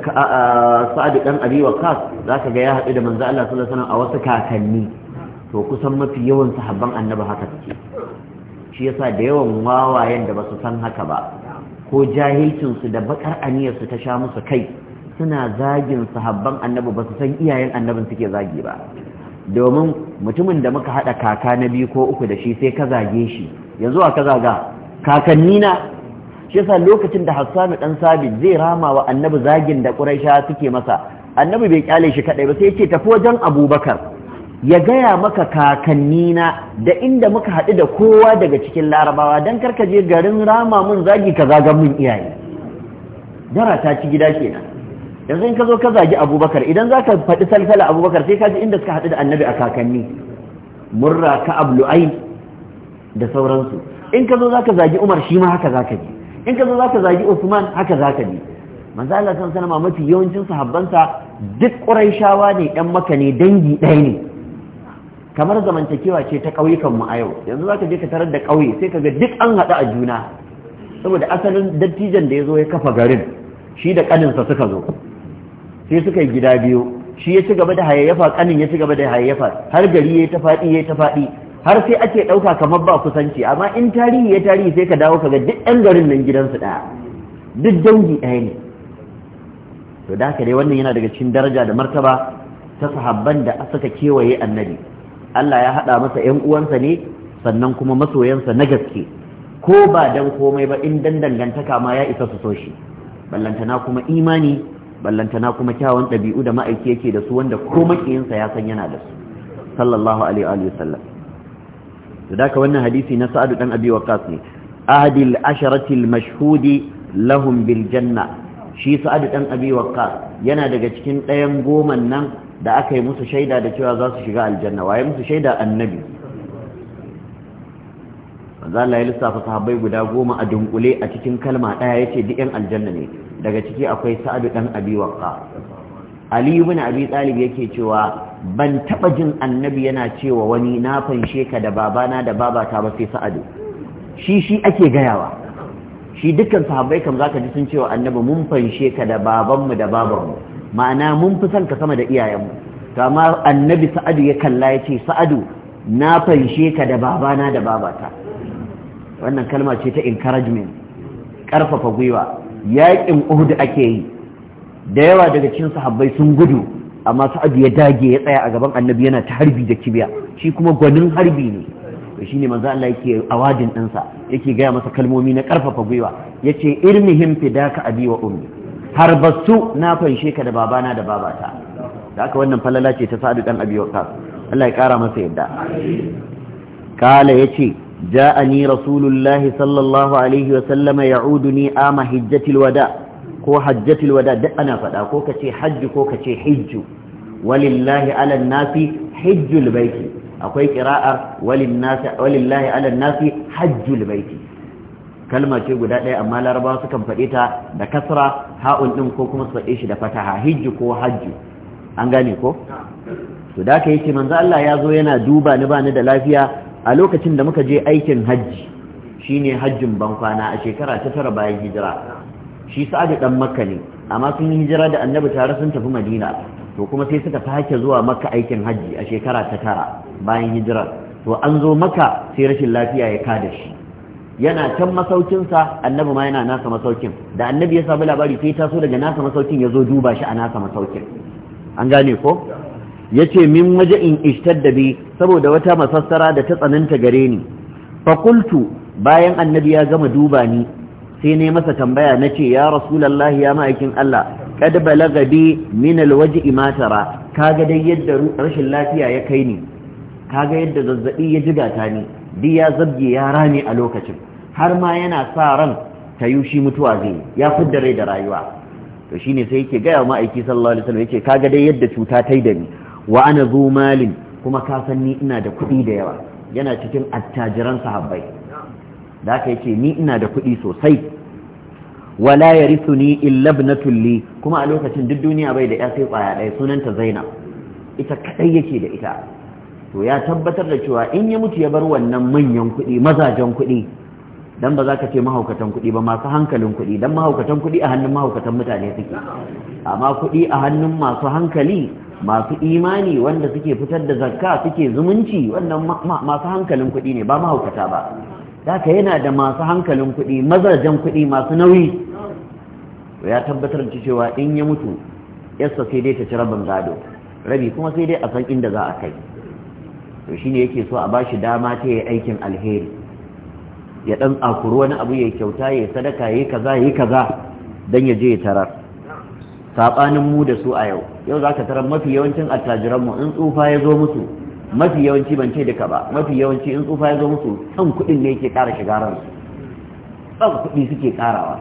sa'ad dan abi waqqas zaka ga ya haɗu da manzo Allah sallallahu alaihi wasallam a wasu kakanni to kusan mafi yawan sahabban annabi haka suke shi yasa da yawan wawayen da basu san haka ba ko jahilcinsu da bakar aniyarsu ta sha musu kai suna zagin sahabban annabi ba su san iyayen annabin suke zagi ba domin mutumin da muka haɗa kaka na biyu ko uku da shi sai ka zage shi yanzu a ka zaga kakanni na shi yasa lokacin da hassanu dan sabit zai rama wa annabi zagin da ƙuraisha suke masa annabi bai kyale shi kadai ba sai ya ce tafi wajen abubakar ya gaya maka kakannina da inda muka haɗu da kowa daga cikin larabawa don je garin rama mun zagi ka zaga mun iyaye dara ta ci gida nan yanzu in ka zo ka zagi abubakar idan za ka faɗi salsala abubakar sai ka ji inda suka haɗu da annabi a kakanni murra ka ablu'ai da sauransu in ka zo za ka zagi umar shi ma haka za ka ji in ka zo za ka zagi usman haka za ka ji manzo Allah kan sanama mafi yawancin sahabbansa duk ƙurayshawa ne ɗan maka ne dangi ɗaya ne kamar zamantakewa ce ta ƙauyukanmu a yau yanzu za ka je ka tarar da ƙauye sai ka ga duk an haɗu a juna saboda asalin dattijan da ya zo ya kafa garin shi da ƙaninsa suka zo sai suka yi gida biyu shi ya ci gaba da hayayyafa ƙanin ya ci gaba da hayayyafa har gari ya ta faɗi ya ta faɗi har sai ake ɗauka kamar ba kusanci amma in tarihi ya tarihi sai ka dawo ka ga duk ɗan garin nan gidansu ɗaya duk dangi ɗaya ne to da haka dai wannan yana daga cikin daraja da martaba ta sahabban da suka kewaye annabi Allah ya haɗa masa ‘yan uwansa ne sannan kuma masoyansa na gaske ko ba dan komai ba in dan dangantaka ma ya isa su so shi ballantana kuma imani ballantana kuma kyawun ɗabi'u da ma'aiki yake da su wanda ko makiyinsa ya san yana da su sallallahu alaihi wa sallam to da wannan hadisi na sa'adu dan abi waqas ne ahadil asharati mashhudi lahum bil janna shi sa'adu dan abi waqas yana daga cikin ɗayan goman nan da aka yi musu shaida da cewa za su shiga aljanna waye musu shaida annabi za Allah ya lissafa sahabbai guda goma a dunkule a cikin kalma ɗaya ya ce yan aljanna ne daga ciki akwai sa'adu ɗan abi waƙa ali ibn abi talib yake cewa ban taba jin annabi yana cewa wani na fanshe ka da babana da babata ba sai sa'adu shi shi ake gayawa shi dukkan sahabbai kam zaka ji sun cewa annabi mun fanshe ka da babanmu da babanmu ma'ana mun fi son ka sama da iyayenmu to amma annabi sa'adu ya kalla ya ce sa'adu na fanshe ka da babana da babata wannan kalma ce ta encouragement karfafa gwiwa yaƙin uhud ake yi da yawa daga cikin sahabbai sun gudu amma sa'adu ya dage ya tsaya a gaban annabi yana ta harbi da kibiya shi kuma gwanin harbi ne to shine manzo Allah yake awadin ɗinsa yake gaya masa kalmomi na karfafa gwiwa yace irmihim fidaka abi wa ummi harbastu na fanshe ka da babana da babata da aka wannan falala ce ta sa'adu dan abi waqas Allah ya kara masa yadda kala yace ni rasulullahi sallallahu alaihi wa sallama ni ama hajjatil wada ko hajjatil wada duk ana fada ko kace hajji ko kace hijju walillahi ala nasi hijjul baiti akwai ƙira'ar walillahi ala nasi hajjul baiti kalma ce guda ɗaya amma larabawa sukan faɗe ta da kasra ha'un ɗin ko kuma su faɗe shi da fataha hijju ko hajju an gane ko to da ka yake manzo Allah ya zo yana duba ni ba ni da lafiya a lokacin da muka je aikin hajji shine hajjin ban kwana a shekara ta tara bayan hijira shi sa'adu dan makka ne amma sun yi hijira da annabi tare sun tafi madina to kuma sai suka sake zuwa makka aikin hajji a shekara ta tara bayan hijira to an zo makka sai rashin lafiya ya kada shi yana can masaukinsa annabi ma yana nasa masaukin da annabi ya samu labari sai taso daga nasa masaukin ya zo duba shi a nasa masaukin an gane ko ya ce min waje in ishtadda bi saboda wata masassara da ta tsananta gare ni fakultu bayan annabi ya gama duba ni sai ne masa tambaya na ce ya rasulallah ya ma'aikin Allah kad balaga bi min alwaji matara kaga dai yadda rashin lafiya ya kai ni kaga yadda zazzabi ya jigata ni bi ya zabge ya rame a lokacin har ma yana sa ran ta yi shi mutuwa zai ya fidda rai da rayuwa to shine sai yake gaya ma'aiki sallallahu alaihi wasallam yake kaga dai yadda cuta ta yi da ni wa ana zu malin kuma ka san ni ina da kuɗi da yawa yana cikin attajiran sahabbai da aka yake ni ina da kuɗi sosai wala ya yarithuni illa na li kuma a lokacin duk duniya bai da ya sai kwaya ɗaya sunanta Zainab ita kadai yake da ita to ya tabbatar da cewa in ya mutu ya bar wannan manyan kuɗi mazajen kuɗi dan ba za ka ce mahaukatan kuɗi ba masu hankalin kuɗi dan mahaukatan kuɗi a hannun mahaukatan mutane suke amma kuɗi a hannun masu hankali masu imani wanda suke fitar da zakka suke zumunci wannan masu hankalin kuɗi ne ba mahaukata ba haka yana da masu hankalin kuɗi mazajen kuɗi masu nauyi ya tabbatar da cewa in ya mutu yasa sai dai ta ci rabin gado rabi kuma sai dai a san inda za a kai to shine yake so a bashi dama ta yi aikin alheri ya dan tsakuri wani abu ya kyauta ya sadaka ya kaza ya kaza dan ya je ya tarar sabanin mu da su a yau yau za ka tarar mafi yawancin attajiran mu in tsufa ya zo musu mafi yawanci ban ce duka ba mafi yawanci in tsufa ya zo musu san kuɗin ne yake ƙara shiga ran san kuɗi suke ƙarawa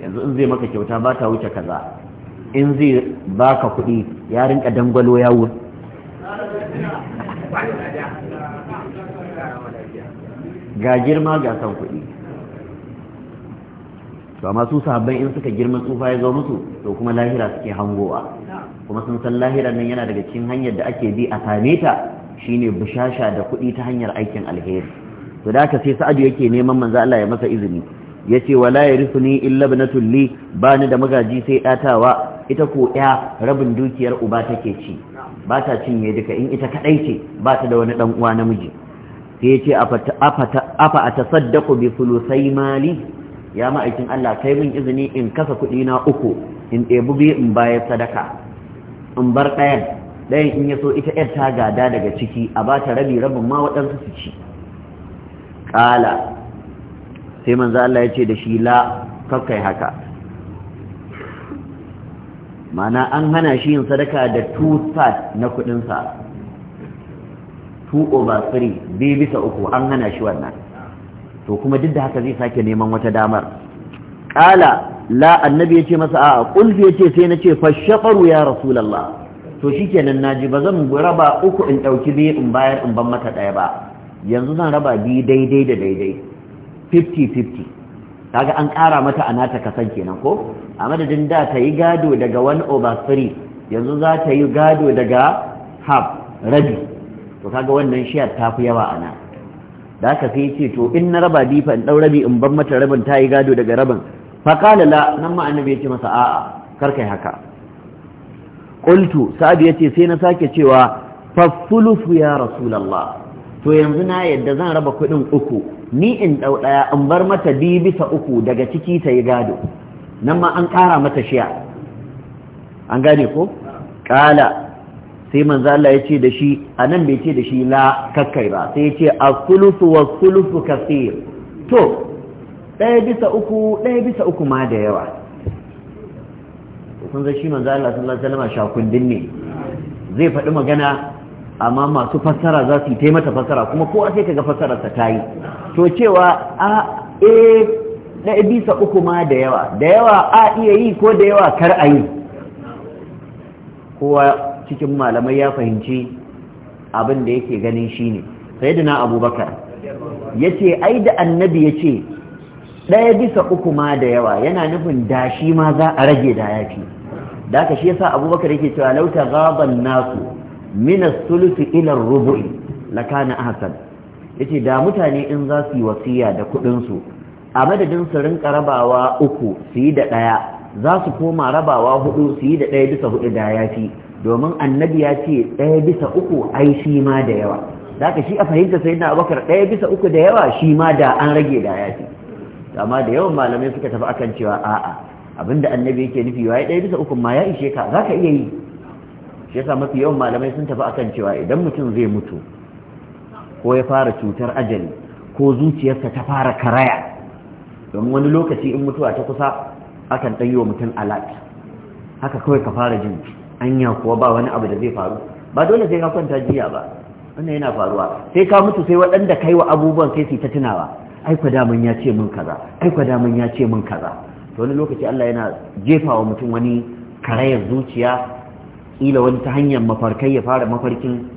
yanzu in zai maka kyauta ba ta wuce kaza in zai baka kuɗi ya rinka dangwalo ya wuce. ga girma ga san kuɗi to amma su sahabban in suka girma tsufa ya zo musu to kuma lahira suke hangowa kuma sun san lahira nan yana daga cikin hanyar da ake bi a same ta shine bushasha da kuɗi ta hanyar aikin alheri to da ka sai sa'adu yake neman manzo Allah ya masa izini yace wala yarithuni illa ibnatul li bani da magaji sai ɗatawa ita ko ya rabin dukiyar uba take ci ba ta cinye duka in ita kadai ce ba ta da wani ɗan uwa namiji sai ce afa a tasaddaku bi sulusai mali ya ma'aikin Allah kai min izini in kasa kuɗi na uku in ɗebi biyu in baya sadaka in bar ɗayan ɗayan in ya so ita ‘yar ta gada daga ciki a ba ta rabi rabin ma waɗansu su ci ƙala sai manzo Allah ya ce da shi la kakkai haka mana an hana shi yin sadaka da two-thirds na kuɗinsa 2 over 3 biyu bisa uku an hana shi wannan to kuma duk da haka zai sake neman wata damar ƙala la annabi ya ce masa a ƙulfi ya ce sai na ce fashafaru ya rasulallah to shi kenan na ji ba zan raba uku in ɗauki biyu in bayar in ban mata ɗaya ba yanzu zan raba biyu daidai da daidai 50-50 kaga an ƙara mata a nata kasan kenan ko a madadin da ta yi gado daga 1 over 3 yanzu za ta yi gado daga half rabi to kaga wannan shiyar ta fi yawa nan. da aka sai ce to in na raba difa in ɗau rabi in ban mata rabin ta yi gado daga rabin faƙala la nan ma annabi ya ce masa a'a kar kai haka qultu sa'ad yace sai na sake cewa fa thuluthu ya rasulullah to yanzu na yadda zan raba kuɗin uku ni in ɗau ɗaya in bar mata biyu bisa uku daga ciki ta yi gado nan ma an ƙara mata shiya an gane ko ƙala sai manzo Allah ya ce da shi anan bai ce da shi la kakkai ba sai ya ce as-sulusu wa sulusu kaseer to ɗaya bisa uku ɗaya bisa uku ma da yawa kun zai shi manzo Allah sallallahu alaihi wasallam shakundin ne zai faɗi magana amma masu fassara za su yi mata fassara kuma kowa sai kaga fassararsa ta yi to cewa a e ɗaya bisa uku ma da yawa da yawa a iya yi ko da yawa kar a yi kowa cikin malamai ya fahimci abin da yake ganin shi ne na abubakar ya ce ai da annabi ya ce ɗaya bisa uku ma da yawa yana nufin da shi ma za a rage da ya fi da aka shi ya sa abubakar yake cewa lauta gaban nasu mina as-sulusi ila rubu'i lakana Ya ce da mutane in za su yi wasiya da kuɗin su a madadin su rinka rabawa uku su yi da ɗaya za su koma rabawa hudu su yi da ɗaya bisa hudu da fi. domin annabi ya ce ɗaya bisa uku ai shi ma da yawa za ka shi a fahimta sai na abokar ɗaya bisa uku da yawa shi ma da an rage da ya ce amma da yawan malamai suka tafi akan cewa a'a abinda annabi yake nufi ya ɗaya bisa uku ma ya ishe ka za ka iya yi shi yasa mafi yawan malamai sun tafi akan cewa idan mutum zai mutu ko ya fara cutar ajali ko zuciyarsa ta fara karaya don wani lokaci in mutuwa ta kusa akan wa mutum alat haka kawai ka fara jin anya kuwa ba wani abu da zai faru ba dole sai ka kwanta jiya ba wannan yana faruwa sai ka mutu sai waɗanda kai wa abubuwan kai, su ta tunawa ai kwa mun ya ce mun kaza ai kwa mun ya ce mun kaza to wani lokaci Allah yana jefa wa mutum wani karayar zuciya ila wani ta hanyar mafarkai ya fara mafarkin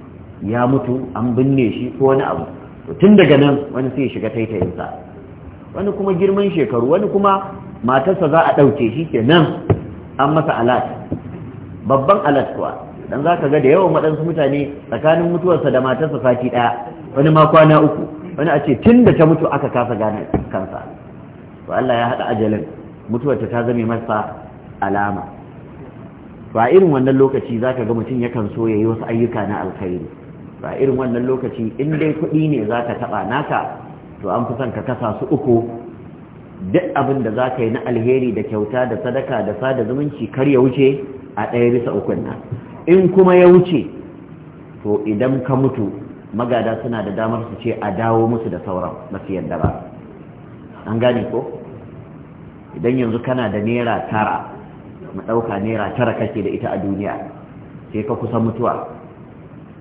ya mutu an binne shi ko wani abu to tun daga nan wani sai ya shiga taitayinsa wani kuma girman shekaru wani kuma matarsa za a ɗauke shi kenan an masa alat babban alat kuwa dan za ka ga da yawan waɗansu mutane tsakanin mutuwarsa da matarsa sati ɗaya wani ma kwana uku wani a ce tun da ta mutu aka kasa gane kansa to Allah ya haɗa ajalin mutuwarta ta zame masa alama to a irin wannan lokaci za ka ga mutum yakan so ya yi wasu ayyuka na alkhairi to a irin wannan lokaci in dai kuɗi ne za ka taɓa naka to an fi son ka kasa su uku duk abin da za ka yi na alheri da kyauta da sadaka da sada zumunci kar ya wuce a ɗaya bisa ukun nan in kuma ya wuce to idan ka mutu magada suna da damar su ce a dawo musu da sauran masu yadda ba an gane ko idan yanzu kana da naira tara mu ɗauka naira tara kake da ita a duniya sai ka kusa mutuwa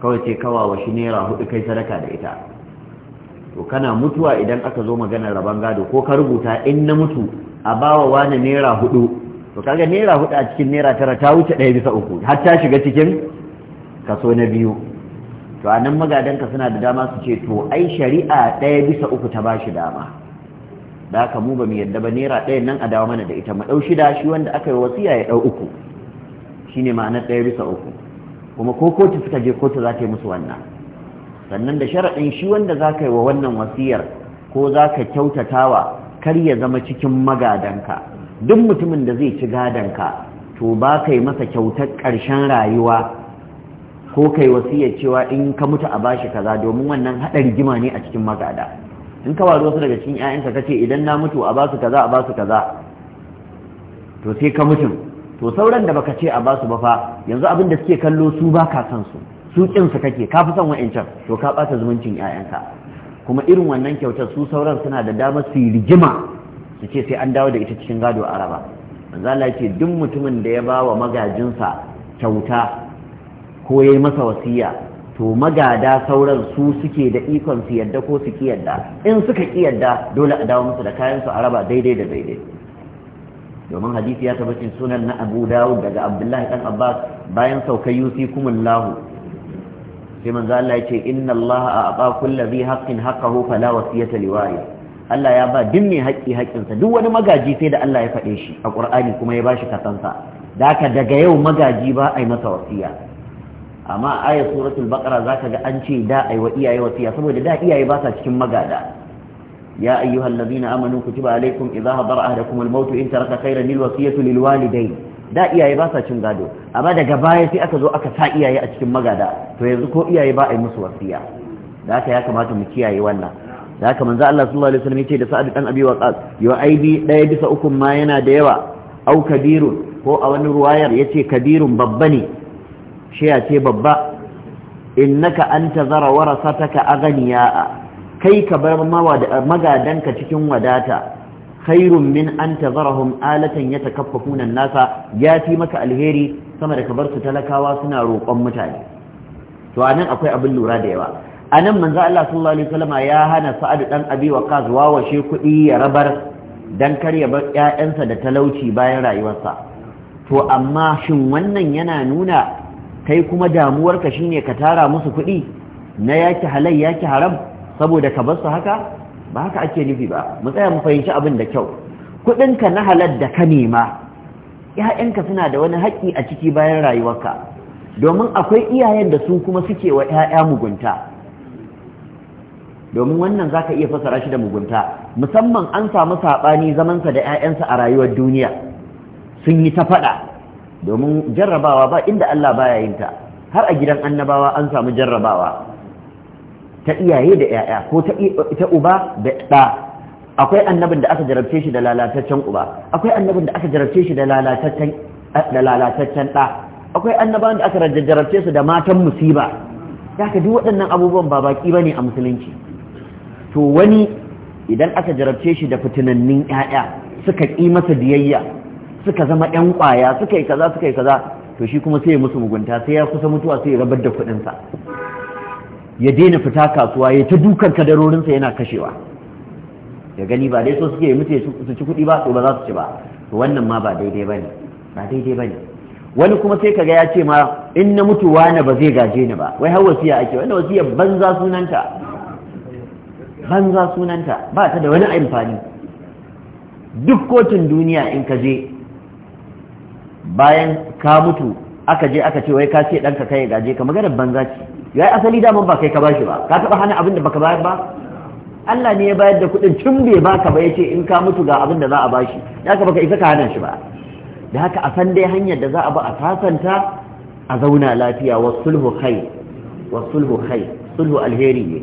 kawai ce kawawa shi naira hudu kai sadaka da ita to kana mutuwa idan aka zo maganar rabon gado ko ka rubuta in na mutu a bawa wani naira hudu to kaga naira hudu a cikin naira tara ta wuce ɗaya bisa uku har ta shiga cikin kaso na biyu to a nan magadanka suna da dama su ce to ai shari'a ɗaya bisa uku ta ba shi dama da ka mu ba mu yadda ba naira ɗaya nan a dawo mana da ita mu ɗau shida shi wanda aka yi wasiya ya ɗau uku shine ma'ana ɗaya bisa uku kuma ko kotu suka je kotu za ta yi musu wannan sannan da sharaɗin shi wanda za ka yi wa wannan wasiyar ko za ka kyautatawa kar ya zama cikin magadanka duk mutumin da zai ci gadon ka to ba kai masa kyautar ƙarshen rayuwa ko kai wasiya cewa in ka mutu a bashi kaza domin wannan haɗa rigima ne a cikin magada in ka wasu daga cikin 'ya'yanka ka ce idan na mutu a basu kaza a basu kaza to sai ka mutu. to sauran da baka ce a basu ba fa yanzu abin da suke kallo su ba ka san su su kin su kake ka fi son wa'ancan to ka ɓata zumuncin 'ya'yanka kuma irin wannan kyautar su sauran suna da damar su yi rigima su ce sai an dawo da ita cikin gado a raba manzo ce duk mutumin da ya ba wa magajinsa kyauta ko yi masa wasiya to magada sauran su suke da ikon su yadda ko su ki yadda in suka ki yadda dole a dawo musu da kayan su a raba daidai da daidai domin hadisi ya tabbacin sunan na Abu Dawud daga Abdullahi dan Abbas bayan saukar yusikumullahu sai manzo Allah ya ce inna Allah a'ta kulli dhi haqqin haqqahu fala wasiyata liwarith Allah ya ba duk mai haƙƙi haƙƙinsa duk wani magaji sai da Allah ya faɗe shi a ƙur'ani kuma ya bashi kasansa da haka daga yau magaji ba a yi masa wasiya amma a ayat suratul baqara zaka ga an ce da ai wa iyaye wasiya saboda da iyaye ba sa cikin magada ya ayyuhal ladina amanu kutiba alaikum idha hadara ahadakum al-maut in taraka khayran lil wasiyatu lil walidayn da iyaye ba sa cin gado amma daga baya sai aka zo aka sa iyaye a cikin magada to yanzu ko iyaye ba a yi musu wasiya da haka ya kamata mu kiyaye wannan da haka manzo Allah sallallahu alaihi wasallam yace da Sa'ad dan Abi waqas yo aibi daya bisa uku ma yana da yawa au kabirun ko a wani ruwayar yace kabirun babba ne shi ya ce babba innaka anta zara warasataka aghniya kai ka bar magadanka cikin wadata khairun min an tazarahum alatan yatakaffafuna an-nasa ya fi maka alheri sama da ka bar su talakawa suna roƙon mutane to anan akwai abin lura da yawa a nan manzo Allah sallallahu alaihi wasallam ya hana Sa'ad dan Abi Waqqas wawashe kuɗi ya rabar dan kar ya bar ƴaƴansa da talauci bayan rayuwarsa to amma shin wannan yana nuna kai kuma damuwarka shine ka tara musu kuɗi na yaki halal yaki haram saboda ka bar su haka ba haka ake nufi ba mu tsaya mu fahimci abin da kyau kuɗinka na halal da ka nema Ƴaƴanka suna da wani haƙƙi a ciki bayan rayuwarka domin akwai iyayen da su kuma suke wa ƴaƴa mugunta domin wannan za ka iya fasara shi da mugunta musamman an samu saɓani zamansa da 'ya'yansa a rayuwar duniya sun yi ta faɗa domin jarrabawa ba inda Allah baya yin ta har a gidan annabawa an samu jarrabawa ta iyaye da 'ya'ya ko ta uba da ɗa akwai annabin da aka jarabce shi da lalataccen uba akwai annabin da aka jarabce shi da lalataccen ɗa akwai annabawan da aka jarabce su da matan musiba da ka duk waɗannan abubuwan ba baƙi ba ne a musulunci to wani idan aka jarabce shi da fitinannin 'ya'ya suka ƙi masa biyayya suka zama ƴan ƙwaya suka yi kaza suka yi kaza to shi kuma sai ya musu mugunta sai ya kusa mutuwa sai ya rabar da kuɗinsa ya daina fita kasuwa ya ta dukan kadarorinsa yana kashewa ya gani ba dai so suke yi mutu su ci kuɗi ba to ba za su ci ba to wannan ma ba daidai ba ne ba daidai ba ne wani kuma sai kaga ya ce ma in na mutuwa na ba zai gaje ni ba wai har wasiya ake wanda wasiya banza sunanta banza sunanta ba ta da wani amfani duk kotun duniya in ka je bayan ka mutu aka je aka ce wai ka ce ɗanka kai gaje ka maganar banza ce ya asali daman ba kai ka bashi ba ka taɓa hana abin da ka bayar ba Allah ne ya bayar da kuɗin tun bai baka ba ya ce in ka mutu ga abin da za a bashi ya ka baka isa ka hana shi ba da haka a san dai hanyar da za a ba a sasanta a zauna lafiya wa sulhu khai wa sulhu khai sulhu alheri ne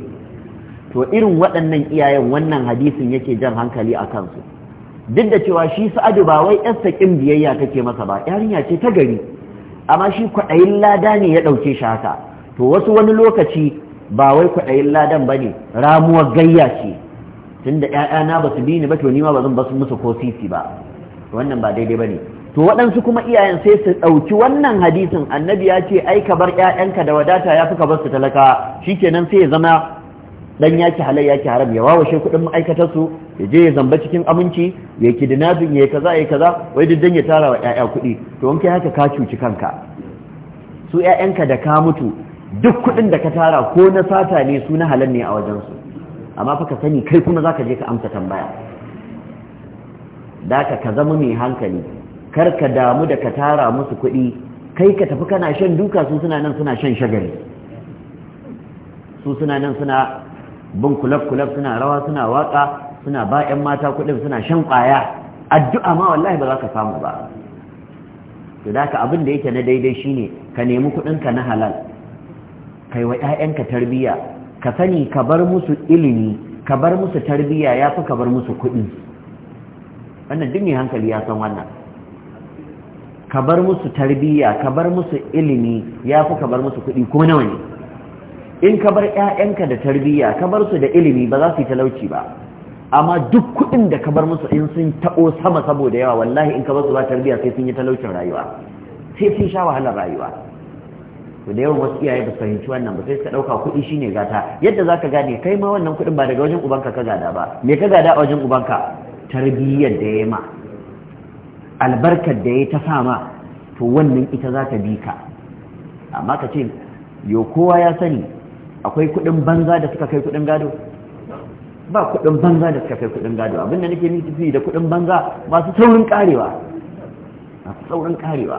to irin waɗannan iyayen wannan hadisin yake jan hankali a kansu duk da cewa shi sa'adu ba wai yarsa ƙin biyayya take masa ba yarinya ce ta gari amma shi kwaɗayin lada ne ya ɗauke shi haka to wasu wani lokaci ba wai kwaɗayin ladan ba ne ramuwar gayya ce tun da ‘ya'yana ba su bi ni ba to nima ba zan basu musu ko sisi ba wannan ba daidai ba ne to waɗansu kuma iyayen sai su ɗauki wannan hadisin annabi ya ce ai ka bar ‘ya'yanka da wadata ya fi ka bar su talaka shikenan sai ya zama dan yaki halayya yaki haram ya wawashe kuɗin su ya je ya zamba cikin aminci ya kidnapping ya kaza ya kaza wai duk dan ya tara wa ƴaƴa kuɗi to in kai haka ka cuci kanka su ƴaƴanka da ka mutu duk kuɗin da ka tara ko na sata ne su na halal ne a wajen su amma fa ka sani kai kuma zaka je ka amsa tambaya da ka ka zama mai hankali kar ka damu da ka tara musu kuɗi kai ka tafi kana shan duka su suna nan suna shan shagari su suna nan suna bin kulab-kulab suna rawa suna waka suna ba 'yan mata kudin suna shan kwaya addu'a ma wallahi ba za ka samu ba to da abin da yake na daidai shine ka nemi kudinka na halal kai wa 'ya'yanka tarbiyya ka sani ka bar musu ilimi ka bar musu tarbiyya ya fi ka bar musu kudi wannan duk mai hankali ya san wannan ka bar musu tarbiyya ka bar musu ilimi ya fi ka bar musu kuɗi, ko nawa ne in ka bar ƴaƴanka da tarbiyya ka bar su da ilimi ba za su yi talauci ba amma duk kuɗin da ka bar musu in sun taɓo sama saboda yawa wallahi in ka bar su ba tarbiyya sai sun yi talaucin rayuwa sai sun sha wahalar rayuwa to da yawan wasu iyaye ba su fahimci wannan ba sai suka ɗauka kuɗi shine gata yadda za ka gane kai ma wannan kuɗin ba daga wajen ubanka ka gada ba me ka gada a wajen ubanka tarbiyyar da ya ma albarkar da ya ta sa ma to wannan ita za ta bi ka amma ka ce yo kowa ya sani akwai kuɗin banza da suka kai kuɗin gado ba kuɗin banza da suka kai kuɗin gado abinda nake nufi da kuɗin banza masu saurin karewa masu saurin karewa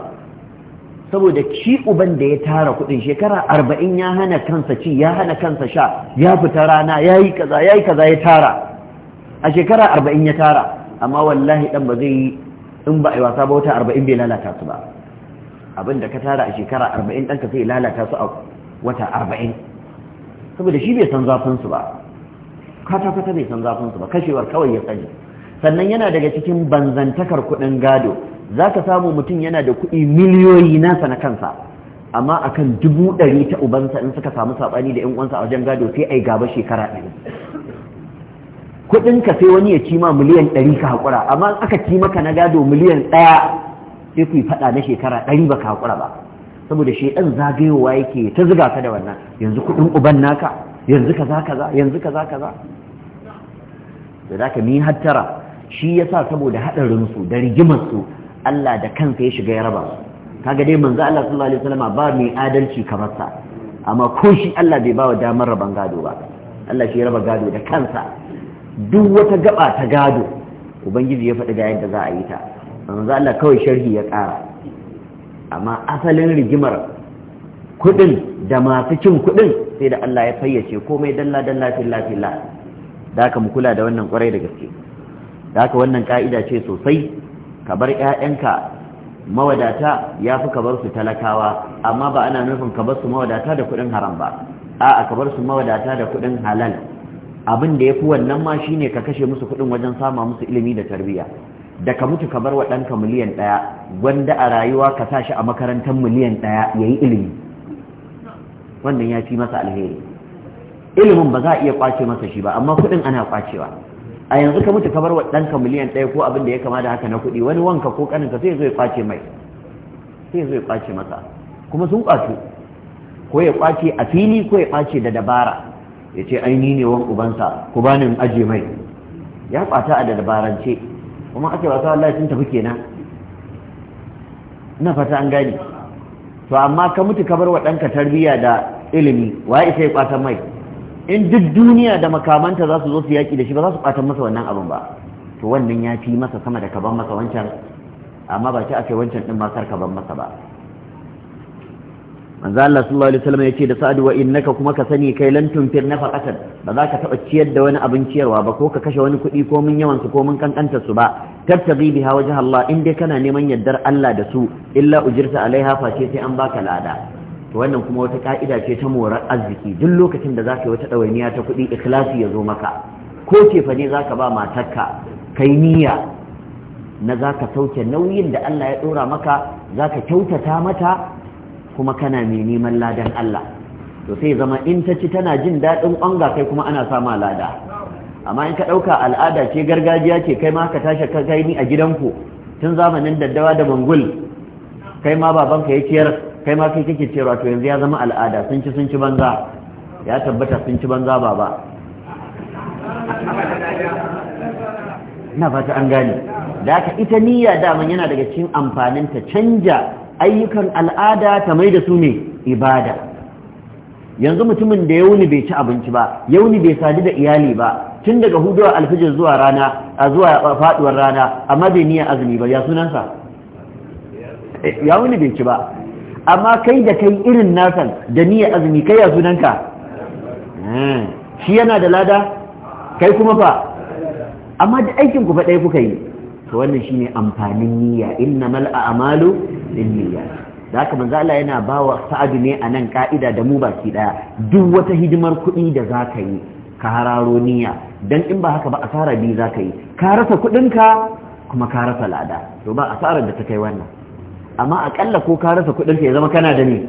saboda ci uban da ya tara kuɗin shekara arba'in ya hana kansa ci ya hana kansa sha ya fita rana ya yi kaza ya yi kaza ya tara a shekara arba'in ya tara amma wallahi dan ba zai yi in ba a yi wasa ba wata arba'in bai lalata su ba abinda ka tara a shekara arba'in ɗanka sai lalata su a wata arba'in saboda shi bai san zafinsu ba kata-kata bai san zafin su ba kashewar kawai ya sani sannan yana daga cikin banzantakar kuɗin gado za ka samu mutum yana da kuɗi miliyoyi nasa na kansa amma akan dubu ɗari ta ubansa in suka samu saɓani da 'yan uwansa a wajen gado sai ai gaba shekara ɗari kuɗin ka sai wani ya ci ma miliyan ɗari ka haƙura amma aka ci maka na gado miliyan ɗaya sai ku yi faɗa na shekara ɗari ba ka haƙura ba saboda ɗan zagayowa yake ta zuga ka da wannan yanzu kuɗin uban naka yanzu kaza kaza yanzu kaza kaza da zaka mi hattara shi yasa saboda haɗarinsu su da rigimar su Allah da kansa ya shiga ya raba su kaga dai manzo Allah sallallahu alaihi wasallam ba mai adalci kamar sa amma ko shi Allah bai bawa damar raban gado ba Allah shi ya raba gado da kansa duk wata gaba ta gado ubangiji ya faɗi ga yadda za a yi ta manzo Allah kawai sharhi ya ƙara amma asalin rigimar kudin da masu cin kudin sai da Allah ya fayyace komai dalla dalla filla filla da haka mu kula da wannan kwarai da gaske da haka wannan ka'ida ce sosai ka bar ƴaƴanka mawadata ya fi ka bar su talakawa amma ba ana nufin ka bar su mawadata da kuɗin haram ba a'a ka bar su mawadata da kuɗin halal abin da ya fi wannan ma shine ka kashe musu kuɗin wajen sama musu ilimi da tarbiyya da ka mutu ka bar wa ɗanka miliyan ɗaya gwanda a rayuwa ka sa shi a makarantar miliyan ɗaya ya yi ilimi wannan ya fi masa alheri ilimin ba za a iya kwace masa shi ba amma kuɗin ana kwacewa a yanzu ka mutu ka bar wa ɗanka miliyan ɗaya ko abin da ya kama da haka na kuɗi wani wanka ko ƙaninka sai zo ya kwace mai sai zo ya kwace masa kuma sun kwato ko ya kwace a fili ko ya kwace da dabara ya ce aini ne wan ubansa ku bani in aje mai ya kwata a da dabarance kuma ake wasa Allah sun tafi kenan ina fata an gani, to amma ka mutu ka bar wa ɗanka tarbiyya da ilimi wa ya isa ya ƙwata mai in duk duniya da makamanta za su zo su yaƙi da shi ba za su ƙwatan masa wannan abin ba to wannan ya fi masa sama da kaban masa wancan amma ba ta aka wancan ɗin ma kar kaban masa ba manzo Allah sallallahu alaihi wasallam yace da Sa'adu wa innaka kuma ka sani kai lan na nafaqatan ba za ka taba ciyar da wani abin ciyarwa ba ko ka kashe wani kuɗi ko mun yawan su ko mun kankanta su ba tabtaghi biha wajh Allah in dai kana neman yaddar Allah da su illa ujirta alaiha ce sai an baka lada to wannan kuma wata ka'ida ce ta morar arziki duk lokacin da zaka yi wata dawainiya ta kuɗi ikhlasi ya zo maka ko ce fa ne zaka ba matarka kai niyya na zaka sauke nauyin da Allah ya dora maka zaka kyautata mata kuma kana mai neman ladan Allah to sai zama in ta ci tana jin daɗin ƙwanga kai kuma ana sama lada amma in ka ɗauka al'ada ce gargajiya ce kai ma ka tashi ka kai ni a gidanku tun zamanin daddawa da mangul kai ma babanka ya ciyar kai ma kai kake ciyarwa to yanzu ya zama al'ada sun ci sun ci banza ya tabbata sun ci banza baba na fata an gane da aka ita niyya daman yana daga cikin amfaninta canja ayyukan al'ada ta mai da su ne ibada yanzu mutumin da yauni bai ci abinci ba yauni bai sadu da iyali ba tun daga huduwa alfijir zuwa rana a zuwa faduwar rana amma bai niyan azumi ba ya sunansa yauni bai ci ba amma kai da kai irin nasan da niyan azumi kai ya sunanka hmm. shi yana da lada kai kuma fa amma da aikin ku fa ɗaya kuka yi to wannan shine amfanin niyya innamal a'malu للنيات da haka Allah yana bawa sa'adu ne a nan ka'ida da mu baki ɗaya. duk wata hidimar kuɗi da za ka yi ka hararo niyya Don in ba haka ba asara biyu za ka yi ka rasa kuɗinka kuma ka rasa lada to ba asarar da ta kai wannan amma aƙalla ko ka rasa kuɗinka ya zama kana da ne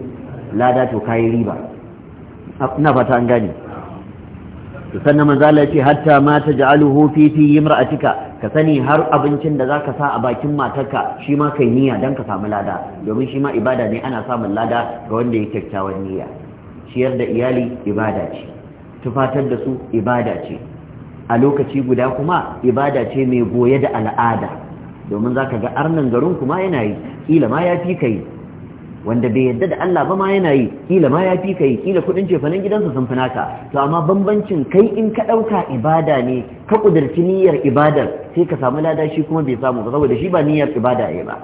lada to ka yi riba ina fata an gane sannan Manzala Allah ya ce hatta ma ja'alu fi yi imra'atika ka sani har abincin da za ka sa a bakin matarka shi ma kai niyya don ka samu lada domin shi ma ibada ne ana samun lada ga wanda ya kyakkyawan niyya ciyar da iyali ibada ce tufatar da su ibada ce a lokaci guda kuma ibada ce mai goye da al'ada domin za ka ga arnan garin kuma yana yi kila ma ya fi ka yi. wanda bai yadda da Allah ba ma yana yi kila ma ya fi kai kila kudin cefanen gidansa sun fi naka to amma bambancin kai in ka ɗauka ibada ne ka ƙudurci niyyar ibadar sai ka samu lada shi kuma bai samu saboda shi ba niyyar ibada ya ba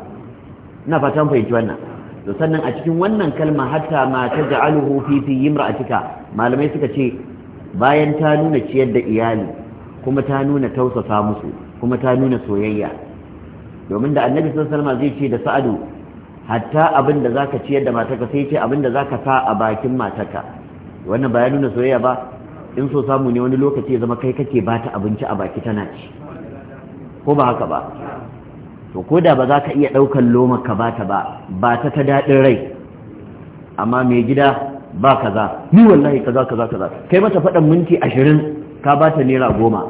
ina fata mun fahimci wannan to sannan a cikin wannan kalma hatta ma ta ja'aluhu fi fi yimra'atika malamai suka ce bayan ta nuna ciyar da iyali kuma ta nuna tausasa musu kuma ta nuna soyayya domin da annabi sallallahu alaihi wasallam zai ce da sa'adu hatta abin da zaka ciyar da matarka sai ce abin da zaka sa a bakin matarka wannan ba nuna soyayya ba in so samu ne wani lokaci ya zama kai kake ba ta abinci a baki tana ci ko ba haka ba to ko da ba za ka iya ɗaukar loma ka ba ta ba ba ta ta daɗin rai amma mai gida ba kaza ni wallahi kaza kaza kaza kai mata faɗan minti ashirin ka ba ta naira goma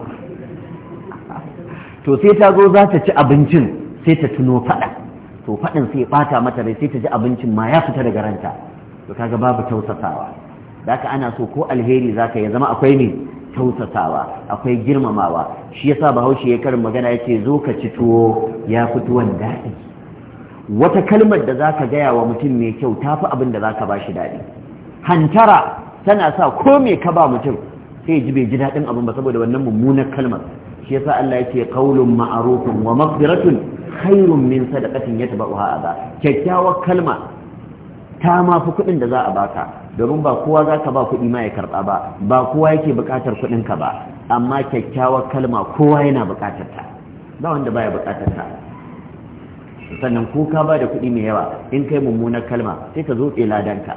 to sai ta zo za ta ci abincin sai ta tuno faɗa to faɗin sai ɓata mata rai sai ta ji abincin ma ya fita daga ranta to kaga babu tausasawa zaka ana so ko alheri zaka ya zama akwai ne tausasawa akwai girmamawa shi yasa bahaushe ya karin magana ya yace zo ka ci tuwo ya fito tuwon daɗi wata kalmar da zaka gaya wa mutum mai kyau tafi abin da zaka shi daɗi hantara tana sa ko me ka ba mutum sai ji bai ji daɗin abin ba saboda wannan mummunar kalmar shi yasa Allah yake qaulun ma'rufun wa maghfiratun khairun min sadaqatin yatba'uha adha kyakkyawar kalma ta ma fi kuɗin da za a baka domin ba kowa za ka ba kuɗi ma ya karba ba ba kowa yake buƙatar kuɗinka ba amma kyakkyawar kalma kowa yana buƙatar ta ba wanda baya buƙatar ta sannan ko ka ba da kuɗi mai yawa in kai mummunar kalma sai ka zoɓe ladanka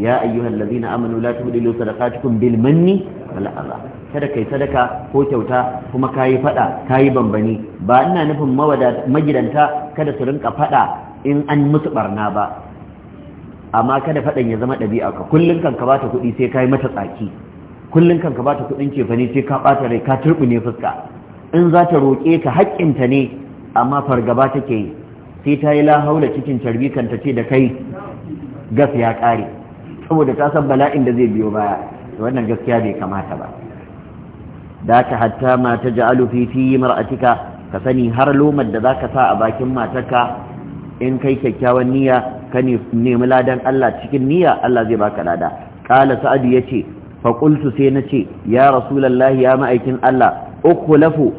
ya ayyuhal ladina amanu la tubdilu sadaqatukum bil manni wal adha kada kai sadaka ko kyauta kuma kayi fada kayi bambani ba ina nufin magidanta kada su rinka faɗa in an musu barna ba amma kada fadan ya zama ɗabi'a ka kullum kan ka bata kuɗi sai kayi mata tsaki kullum kan ka bata kuɗin cefane sai ka ɓata rai ka turɓune fuska in za ta roƙe ka haƙƙinta ne amma fargaba take yi sai ta yi lahaula cikin carbi kan ta ce da kai gas ya ƙare saboda ta san bala'in da zai biyo baya wannan gaskiya bai kamata ba daka hatta ma ta ja'alu fi fi mar'atika ka sani har lomar da zaka sa a bakin matarka in kai kyakkyawan niyya ka nemi ladan Allah cikin niyya Allah zai baka lada qala sa'ad yace fa qultu sai nace ya rasulullahi ya ma'aikin Allah ukhlafu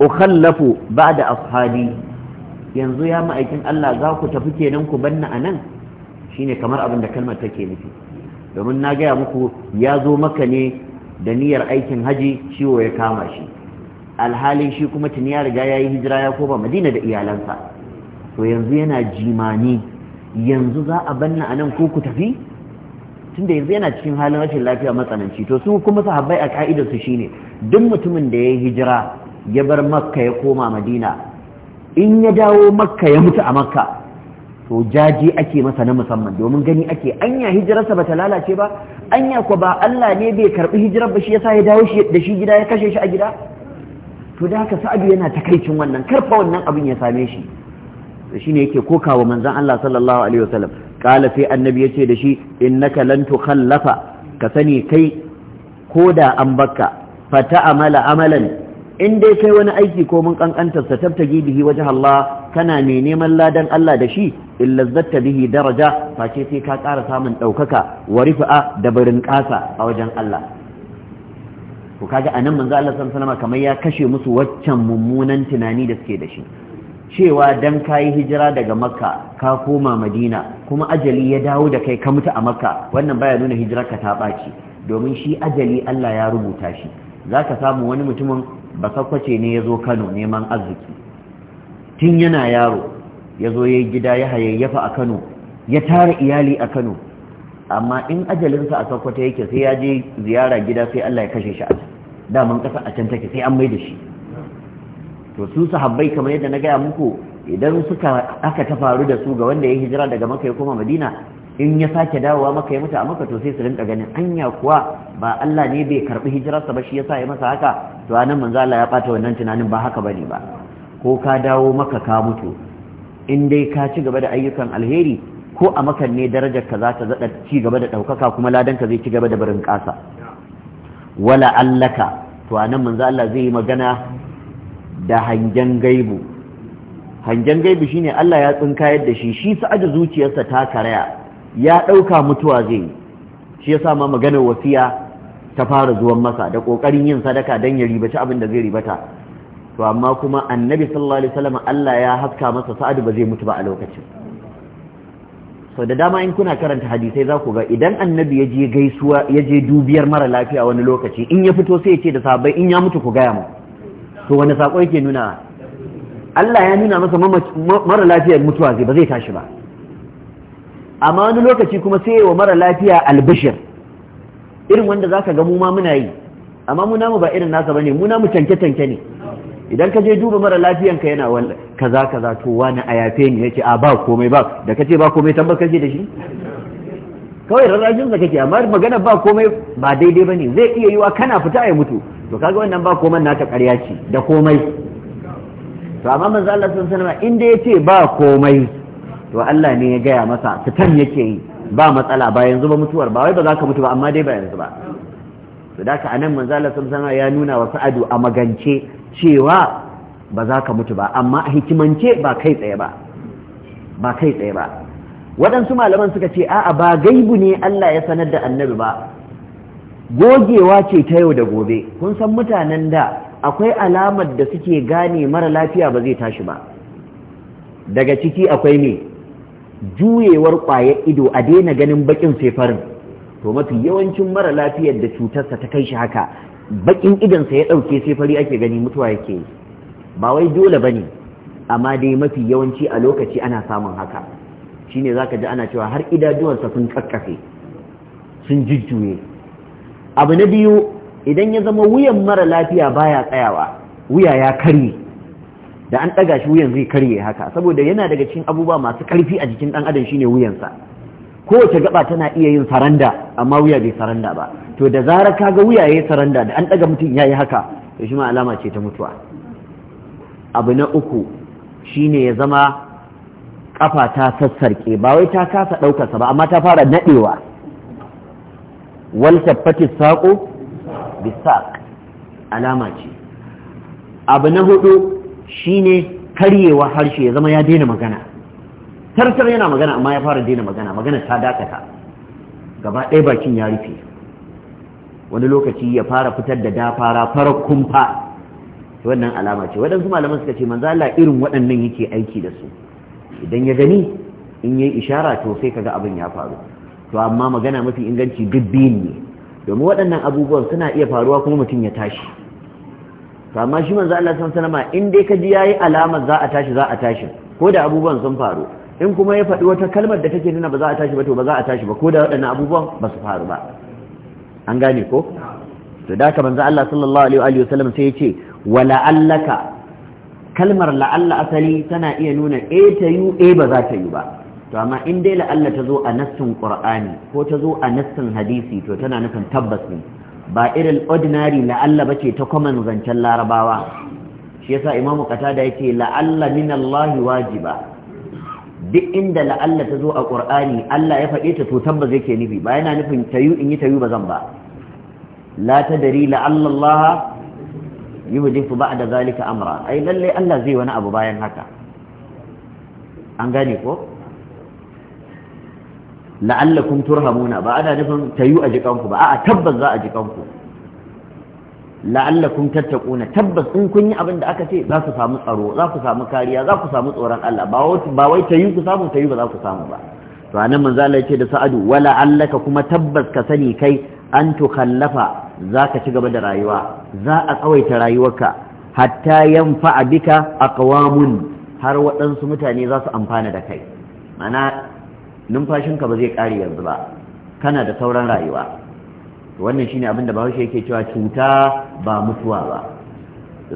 ukhallafu ba'da ashabi yanzu ya ma'aikin Allah za ku tafi kenan ku banna anan shine kamar abin da kalmar take nufi domin na gaya muku ya zo maka ne da niyyar aikin haji ciwo ya kama shi alhalin shi kuma tuni ya riga ya yi hijira ya koma madina da iyalansa to yanzu yana jimani yanzu za a banna a nan ko ku tafi tunda yanzu yana cikin halin rashin lafiya matsananci to su kuma sahabbai a ka'idar su shine duk mutumin da ya yi hijira ya bar makka ya koma madina in ya dawo makka ya mutu a makka to jaji ake masa na musamman domin gani ake anya hijirarsa ba ta lalace ba anya ko ba Allah ne bai karbi hijirar ba shi yasa ya dawo shi da shi gida ya kashe shi a gida to da haka sa'adu yana takaicin wannan karfa wannan abin ya same shi to shine yake kokawa manzon Allah sallallahu alaihi wasallam kala sai annabi yace da shi innaka lan tukhallafa ka sani kai koda an baka fata amala amalan in dai kai wani aiki ko mun kankantar sa tabtaji bihi wajen Allah kana mai neman ladan Allah da shi in lazzatta bihi daraja face sai ka ƙara samun ɗaukaka wa rifa'a da barin ƙasa a wajen Allah to kaga anan manzo Allah sallallahu alaihi kamar ya kashe musu waccan mummunan tunani da suke da shi cewa dan kayi hijira daga makka ka koma madina kuma ajali ya dawo da kai ka mutu a makka wannan baya nuna hijirarka ka ta ɓaki, domin shi ajali allah ya rubuta shi zaka samu wani mutumin ba sakwace ne ya zo kano neman arziki tun yana yaro ya zo ya yi gida ya hayayyafa a kano ya tara iyali a kano amma in ajalinsa a sakwata yake sai ya je ziyara gida sai allah ya kashe shi a daman kasa a can take sai an mai da shi to su sahabbai kamar yadda na gaya muku idan suka aka ta faru da su ga wanda ya hijira daga maka ya koma madina in ya sake dawowa maka ya mutu a maka to sai su rinka ganin anya kuwa ba Allah ne bai karbi hijirarsa ba shi yasa ya masa haka to anan manzo Allah ya bata wannan tunanin ba haka bane ba ko ka dawo maka ka mutu in dai ka ci gaba da ayyukan alheri ko a makan ne darajar ka za ta zada ci gaba da daukaka kuma ladan ka zai ci gaba da barin kasa wala allaka to anan manzo Allah zai yi magana da hangen gaibu hangen gaibu shine Allah ya tsinka yadda shi shi aje zuciyarsa ta karaya ya dauka mutuwa zai shi yasa ma maganar wasiya ta fara zuwan masa da kokarin yin sadaka dan ya ribaci abin da zai ribata to amma kuma annabi sallallahu alaihi wasallam Allah ya haska masa sa'adu ba zai mutu ba a lokacin so da dama in kuna karanta hadisai za ku ga idan annabi ya je gaisuwa ya je dubiyar mara lafiya wani lokaci in ya fito sai ya ce da sahabbai in ya mutu ku gaya mu to wani sako yake nuna Allah ya nuna masa mara lafiyar mutuwa zai ba zai tashi ba amma wani lokaci kuma sai wa mara lafiya albishir irin wanda za ka ga mu ma muna yi amma mu namu ba irin nasa bane mu namu tanke tanke ne idan ka je duba mara lafiyan ka yana wanda kaza kaza to wani a yafe ne yace a ba komai ba da kace ba komai tambar kake da shi kawai rarrajin da kake amma magana ba komai ba daidai bane zai iya yiwa kana fita ya mutu to kaga wannan ba komai naka ƙarya ce da komai to amma manzo Allah sun sanar Inda in da yace ba komai to Allah ne ya gaya masa fitan yake yi ba matsala ba yanzu ba mutuwar ba wai ba za ka mutu ba amma dai ba yanzu ba su da ka anan manzala sun sana ya nuna wa sa'adu a magance cewa ba za ka mutu ba amma a hikimance ba kai tsaye ba ba kai tsaye ba waɗansu malaman suka ce a'a ba gaibu ne Allah ya sanar da annabi ba gogewa ce ta yau da gobe kun san mutanen da akwai alamar da suke gane mara lafiya ba zai tashi ba daga ciki akwai ne juyewar ƙwayar ido a daina ganin bakin sai to mafi yawancin mara lafiyar da cutarsa ta kai shi haka bakin idonsa ya ɗauke sai ake gani mutuwa yake yi ba wai dole ba ne amma dai mafi yawanci a lokaci ana samun haka shine za ka ji ana cewa har idanuwansa sun kakkafe sun jujjuye abu na biyu idan ya zama wuyan mara lafiya baya tsayawa wuya ya karye da an ɗaga shi wuyan zai karye haka saboda yana daga cikin abubuwa masu ƙarfi a jikin ɗan adam shine wuyansa kowace gaba tana iya yin saranda amma wuya bai saranda ba to da zarar kaga wuya yayi saranda da an ɗaga mutum ya yi haka to shi ma alama ce ta mutuwa abu na uku shine ya zama ƙafa ta sassarke ba wai ta kasa ɗaukarsa ba amma ta fara naɗewa wal tabbati saƙo bisaq alama ce abu na hudu Shi ne karyewa harshe ya zama ya daina magana tartar yana magana amma ya fara daina magana magana ta dakata gaba ɗaya bakin ya rufe wani lokaci ya fara fitar da dafara farar kumfa wannan alama ce waɗansu malaman suka ce manzo Allah irin waɗannan yake aiki da su idan ya gani in yi ishara to sai kaga abin ya faru to amma magana mafi inganci duk ne domin waɗannan abubuwan suna iya faruwa kuma mutum ya tashi to amma shi manzo Allah sallallahu alaihi wasallam in dai ka ji yayi alamar za a tashi za a tashi ko da abubuwan sun faru in kuma ya faɗi wata kalmar da take nuna ba za a tashi ba to ba za a tashi ba ko da waɗannan abubuwan ba su faru ba an gane ko to da ka manzo Allah sallallahu alaihi wa sallam sai ya ce wa la'allaka kalmar la'alla asali tana iya nuna A eh, ta yu A eh, ba za ta yi ba to amma in dai la'alla ta zo a nassin qur'ani ko ta zo a nassin hadisi to tana nufin tabbas ne ba irin ordinary la'alla bace ta common zancen larabawa shi yasa imamu qatada yake la'alla minallahi wajiba duk inda la'alla ta zo a ƙur'ani Allah ya faɗe ta ba zai ke nufi ba yana nufin tayu in yi tayu ba zan ba la tadri la'alla Allah yuhdifu ba'da zalika amra ai lallai Allah zai wani abu bayan haka an gane ko la'allakum turhamuna ba ana nufin tayu a jikanku ba a'a tabbas za a jikanku la'allakum tattaquna tabbas in kun yi abin da aka ce za ku samu tsaro za ku samu kariya za ku samu tsoron Allah ba wai tayu ku samu tayu ba za ku samu ba to anan manzo ce da sa'adu wala allaka kuma tabbas ka sani kai an tukallafa za ka ci gaba da rayuwa za a tsawaita rayuwarka hatta yanfa'a bika aqwamun har waɗansu mutane za su amfana da kai mana numfashinka ba zai ƙari yanzu ba kana da sauran rayuwa wannan shine abin da bahaushe yake cewa cuta ba mutuwa ba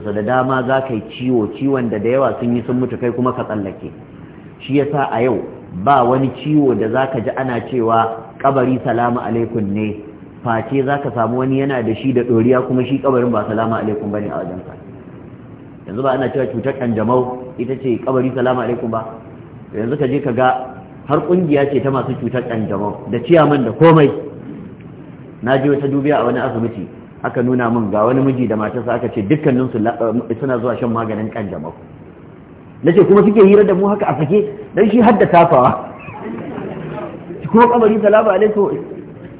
da da dama za ka yi ciwo ciwon da da yawa sun yi sun mutu kai kuma ka tsallake shi ya sa a yau ba wani ciwo da za ka ji ana cewa kabari salamu alaikun ne face za ka samu wani yana da shi da ɗoriya kuma shi kabarin ba salamu alaikun ba ne a wajensa yanzu ba ana cewa cutar kanjamau ita ce kabari salamu alaikun ba yanzu ka je ka ga har kungiya ce ta masu cutar ƙanjamau da ciyaman da komai na ji wata dubiya a wani asibiti aka nuna min ga wani miji da matarsa aka ce dukkaninsu eh, suna zuwa shan maganin ƙanjamau na ce kuma suke hira da mu haka a fake don shi hadda tafawa kuma kamari salamu alaikum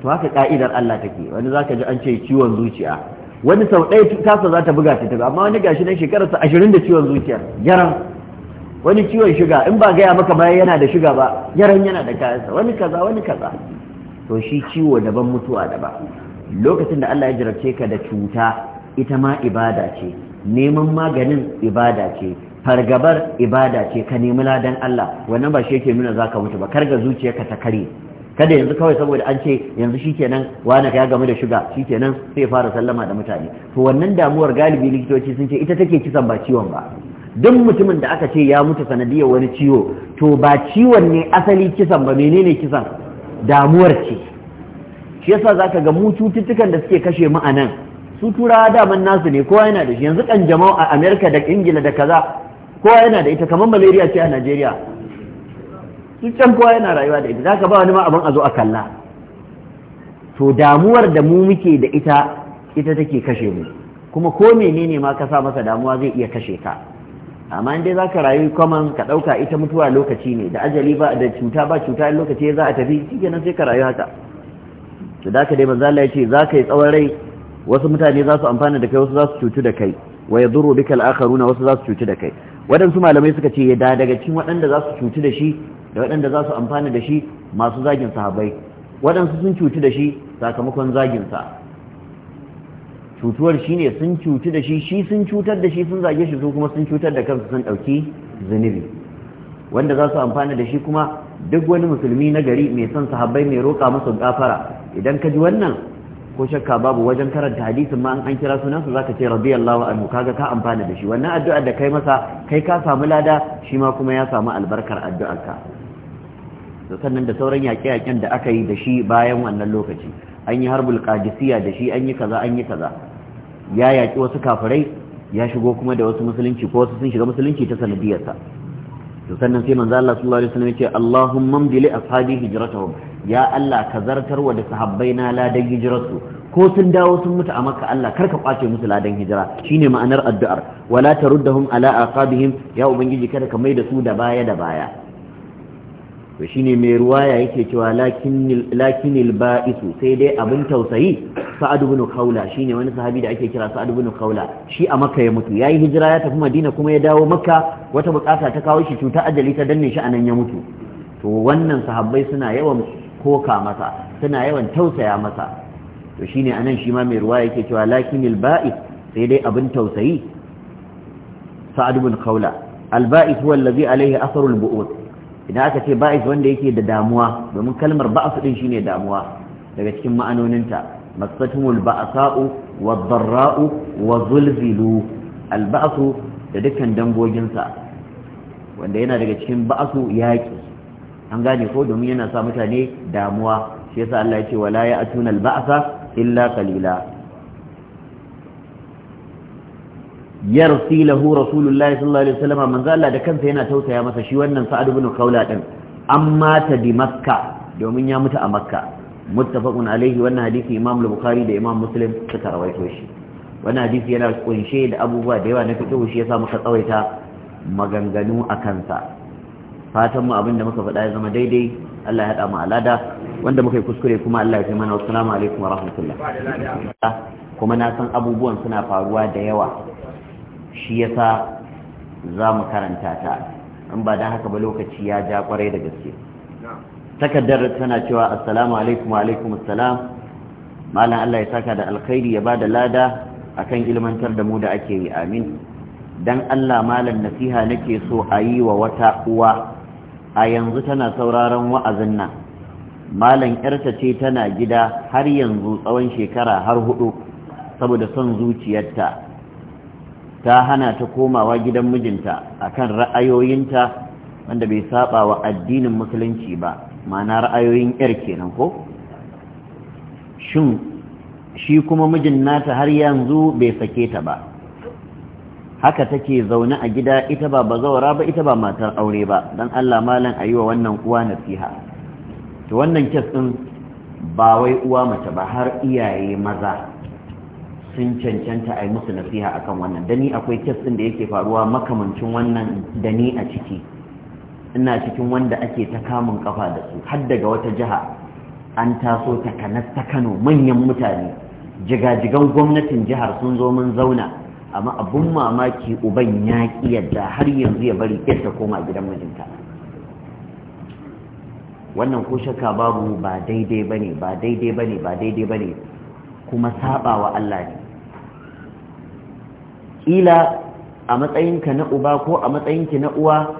to haka ka'idar Allah take wani zaka ji an ce ciwon zuciya wani sau ɗaya tasa za ta buga ta tafi amma wani gashi na shekararsa ashirin da ciwon zuciya yaran wani ciwon shiga in ba gaya maka bayan yana da shiga ba yaran yana da kayansa wani kaza wani kaza to shi ciwo daban mutuwa daban lokacin da Allah ya jirace ka da cuta ita ma ibada ce neman maganin ibada ce fargabar ibada ce ka nemi ladan Allah wannan ba shi yake nuna zaka mutu ba Kar karga zuciyarka ta kare kada yanzu kawai saboda an ce yanzu shikenan wani ya gamu da shuga shikenan sai fara sallama da mutane to wannan damuwar galibi likitoci sun ce ita take kisan ba ciwon ba duk mutumin da aka ce ya mutu sanadiyar wani ciwo to ba ciwon ne asali kisan ba menene kisan damuwar ce shi yasa ka ga mu cututtukan da suke kashe mu a nan su turawa daman nasu ne kowa yana da shi yanzu kan jama'u a amerika da ingila da kaza kowa yana da ita kamar malaria ce a najeriya su can kowa yana rayuwa da ita za ka ba wani ma abin a zo a kalla to damuwar da mu muke da ita ita take kashe mu kuma ko menene ma ka sa masa damuwa zai iya kashe ka amma in dai za ka rayu kwaman ka ɗauka ita mutuwa lokaci ne da ajali ba da cuta ba cuta lokaci za a tafi shi kenan sai ka rayu haka to da ka dai manzo ya ce za ka yi tsawon rai wasu mutane za su amfana da kai wasu za su cutu da kai wa yadurru bika al-akharuna wasu za su cutu da kai waɗansu malamai suka ce da daga cikin waɗanda za su cutu da shi da waɗanda za su amfana da shi masu zagin sahabbai waɗansu sun cutu da shi sakamakon zaginsa cutuwar shi ne sun cuci da shi shi sun cutar da shi sun zage shi su kuma sun cutar da kansu sun ɗauki zunubi wanda za su amfana da shi kuma duk wani musulmi na gari mai son sahabbai mai roƙa musu gafara idan ka ji wannan ko shakka babu wajen karanta hadisin ma an kira sunan su zaka ce radiyallahu anhu kaga ka amfana da shi wannan addu'ar da kai masa kai ka samu lada shi ma kuma ya samu albarkar addu'arka to sannan da sauran yaƙe-yaƙen da aka yi da shi bayan wannan lokaci an yi harbul qadisiyya da shi an yi kaza an yi kaza ya yaƙi wasu kafirai ya shigo kuma da wasu musulunci ko wasu sun shiga musulunci ta sanadiyarsa to sannan sai manzo Allah sallallahu alaihi wasallam ya ce Allahumma mdi li ashabi hijratuhum ya Allah ka zartar wa da sahabbai na ladan hijirarsu ko sun dawo sun mutu a makka Allah karka kwace musu ladan hijira shine ma'anar addu'ar wala taruddahum ala aqabihim ya ubangiji kada ka mai da su da baya da baya to shine mai ruwaya yake cewa lakinil ba'isu sai dai abin tausayi sa'ad ibn khawla shine wani sahabi da ake kira sa'ad ibn khawla shi a makka ya mutu yayi hijira ya tafi madina kuma ya dawo makka wata bukata ta kawo shi cuta ajali ta danne shi anan ya mutu to wannan sahabbai suna yawan koka masa suna yawan tausaya masa to shine anan shi ma mai ruwaya yake cewa lakinil ba'is sai dai abin tausayi sa'ad ibn khawla al ba'is huwa alladhi alayhi atharul bu'ud idan aka ce ba'is wanda yake da damuwa domin kalmar ba'asu din shine damuwa daga cikin ma'anoninta masatumul ba'sa'u wadh-dharra'u wa zulzilu al-ba'su da dukkan dangoginsa wanda yana daga cikin ba'su yaki an gane ko domin yana sa mutane damuwa shi yasa Allah ya ce wala ya'tuna al-ba'sa illa qalila yarsi lahu rasulullahi sallallahu alaihi wasallam manzo Allah da kansa yana tausaya masa shi wannan sa'ad ibn kaula din amma ta di makka domin ya mutu a makka muttafaqun alaihi wannan hadisi imam al-bukhari da imam muslim suka rawaito shi wannan hadisi yana kunshe da abubuwa da yawa na fito shi yasa muka tsawaita maganganu a kansa fatan mu abinda muka faɗa ya zama daidai Allah ya haɗa mu alada wanda muka yi kuskure kuma Allah ya kai mana assalamu alaikum wa rahmatullah kuma na san abubuwan suna faruwa da yawa shi yasa za mu karanta ta in ba don haka ba lokaci ya ja kwarai da gaske takardar tana cewa assalamu alaikum wa alaikum assalam malam Allah ya saka da alkhairi ya bada lada akan ilmantar da mu da ake yi amin dan Allah malam nasiha nake so a yi wa wata uwa a yanzu tana sauraron wa'azin nan malam yarta ce tana gida har yanzu tsawon shekara har hudu saboda son zuciyarta ta hana ta komawa gidan mijinta akan ra'ayoyinta wanda bai saba wa addinin musulunci ba ma'ana ra'ayoyin yar kenan ko shin shi kuma mijin nata har yanzu bai sake ta ba haka take zaune a gida ita ba bazawara ba ita ba matar aure ba don Allah malam yi wa wannan uwa nasiha to wannan kes ɗin ba wai uwa mace ba har iyaye maza sun cancanta a yi musu nasiha akan wannan da akwai kes ɗin da yake faruwa makamancin wannan dani a ciki ina cikin wanda ake ta kamun kafa da su har daga wata jiha an taso ta kanas ta kano manyan mutane jigajigan gwamnatin jihar sun zo mun zauna amma abun mamaki uban ya yadda har yanzu ya bari ƙyar koma gidan mijinta wannan ko shakka babu ba daidai bane ba daidai bane ba daidai bane kuma saba wa Allah ne ila a matsayinka na uba ko a matsayinki na uwa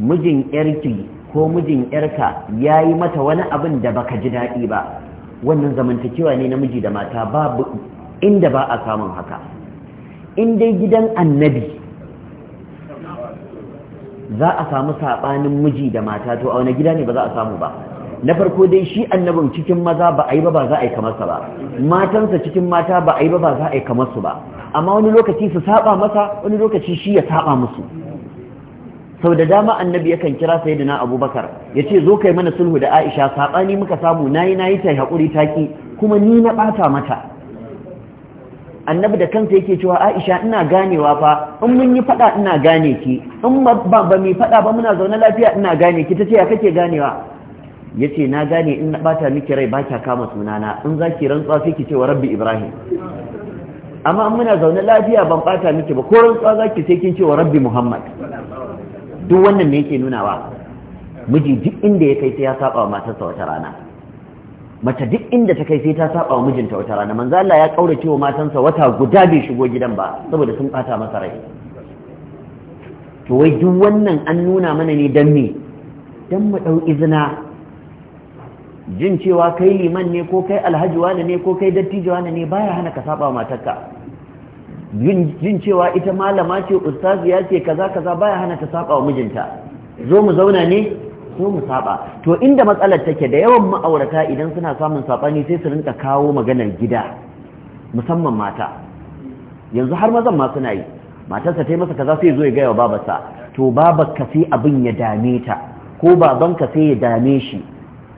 mijin yarki ko mijin yarka ya yi mata wani abin da baka ji daɗi ba wannan zamantakewa ne na miji da mata babu inda ba a samun haka in dai gidan annabi za a samu saɓanin miji da mata to a wani gida ne ba za a samu ba na farko dai shi annabin cikin maza ba a yi ba ba za a yi kamar sa ba matansa cikin mata ba a yi ba ba za a yi kamar su ba amma wani lokaci su saba masa wani lokaci shi ya saba musu sau da dama annabi yakan kira da na abubakar ya ce zo kai mana sulhu da aisha ni muka samu na yi na nayi ta haƙuri ki, kuma ni na ɓata mata annabi da kansa yake cewa aisha ina ganewa fa in mun yi faɗa ina gane ki in ba ba mai faɗa ba muna zaune lafiya ina gane ki ta ce ya kake ganewa ya ce na gane in na bata miki rai ba kya kama sunana in za ki rantsuwa sai ki ce wa rabbi ibrahim amma an muna zaune lafiya ban bata miki ba ko rantsuwa za ki sai kin ce wa rabbi muhammad duk wannan ne yake nunawa miji duk inda ya kai sai ya saba wa matarsa wata rana mace duk inda ta kai sai ta saba wa mijinta wata rana manzo Allah ya kaurace wa matansa wata guda bai shigo gidan ba saboda sun bata masa rai to wai duk wannan an nuna mana ne dan me dan mu dau izina jin cewa kai liman ne ko kai alhaji wane ne ko kai dattijo ne baya hana ka saba matarka jin cewa ita malama ce ustaziya ce kaza kaza baya hana ta saba wa mijinta zo mu zauna ne ko mu saba to inda matsalar take da yawan ma'aurata idan suna samun sabani sai su rinka kawo maganar gida musamman mata yanzu har mazan ma suna yi matarsa ta yi masa kaza sai zo ya gaya wa babarsa to babarka sai abin ya dame ta ko babanka sai ya dame shi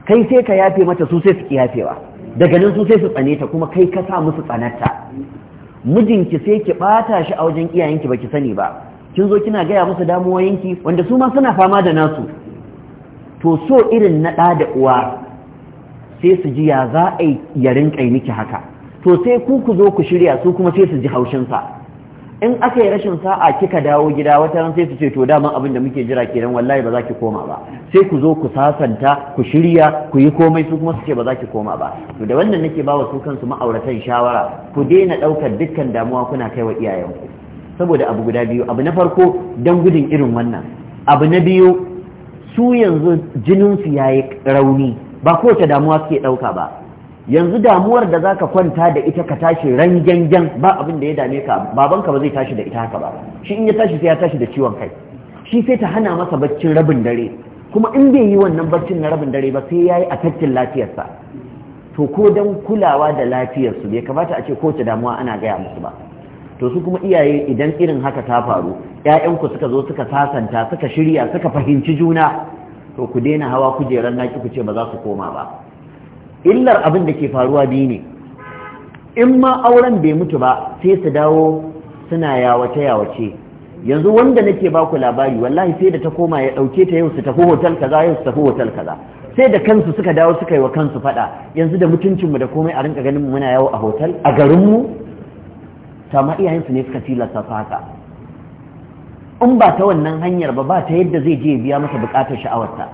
kai sai ka yafe mata su sai su ki yafewa daga nan su sai su tsane ta kuma kai ka sa musu tsanarta mijinki sai ki bata shi a wajen iyayenki baki sani ba kin zo kina gaya musu damuwoyinki wanda su ma suna fama da nasu to so irin na ɗa da uwa sai su ji ya za a yi yarin kai miki haka to sai ku ku zo ku shirya su kuma sai su ji haushinsa in aka yi rashin sa'a kika dawo gida wata ran sai su ce to dama abin da muke jira kenan wallahi ba za ki koma ba sai ku zo ku sasanta ku shirya ku yi komai su kuma su ce ba za ki koma ba to da wannan nake bawa su kansu ma'auratan shawara ku daina ɗaukar dukkan damuwa kuna kai wa iyayenku saboda abu guda biyu abu na farko dan gudun irin wannan abu na biyu su yanzu jinin su yayi rauni ba kowace damuwa suke ɗauka ba yanzu damuwar da zaka kwanta da ita ka tashi rangyangyan ba abin da ya dame ka babanka ba zai tashi da ita haka ba shi in ya tashi sai ya tashi da ciwon kai shi sai ta hana masa baccin rabin dare kuma in bai yi wannan baccin na rabin dare ba sai ya yi a tattin lafiyarsa to ko don kulawa da lafiyarsu bai kamata a ce kowace damuwa ana gaya musu ba to su kuma iyaye idan irin haka ta faru ƴaƴanku suka zo suka sasanta suka shirya suka fahimci juna to ku daina hawa kujerar naki ku ce ba za su koma ba illar abin da ke faruwa biyu ne in ma auren bai mutu ba sai su dawo suna yawace yawace yanzu wanda nake baku labari wallahi sai da ta koma ya dauke ta yau su tafi hotel kaza yau su tafi hotel kaza sai da kansu suka dawo suka yi wa kansu fada yanzu da mutuncinmu da komai a rinka ganin mu muna yawo a hotel a garinmu sama iyayensu ne suka tilasta su haka in ba ta wannan hanyar ba ba ta yadda zai je biya masa bukatar sha'awarsa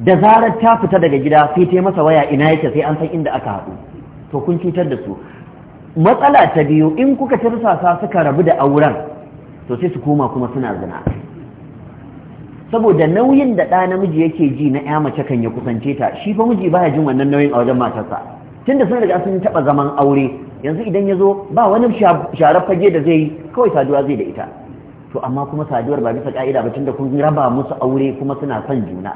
da zarar ta fita daga gida sai ta masa waya ina yake sai an san inda aka haɗu to kun cutar da su matsala ta biyu in kuka tirsasa suka rabu da auren to sai su koma kuma suna zina saboda nauyin da ɗa namiji yake ji na ya mace kan ya kusance ta shi fa miji baya jin wannan nauyin a wajen matarsa tunda sun riga sun taɓa zaman aure yanzu idan ya zo ba wani sharar fage da zai yi kawai saduwa zai da ita to amma kuma saduwar ba bisa ka'ida ba tunda kun raba musu aure kuma suna son juna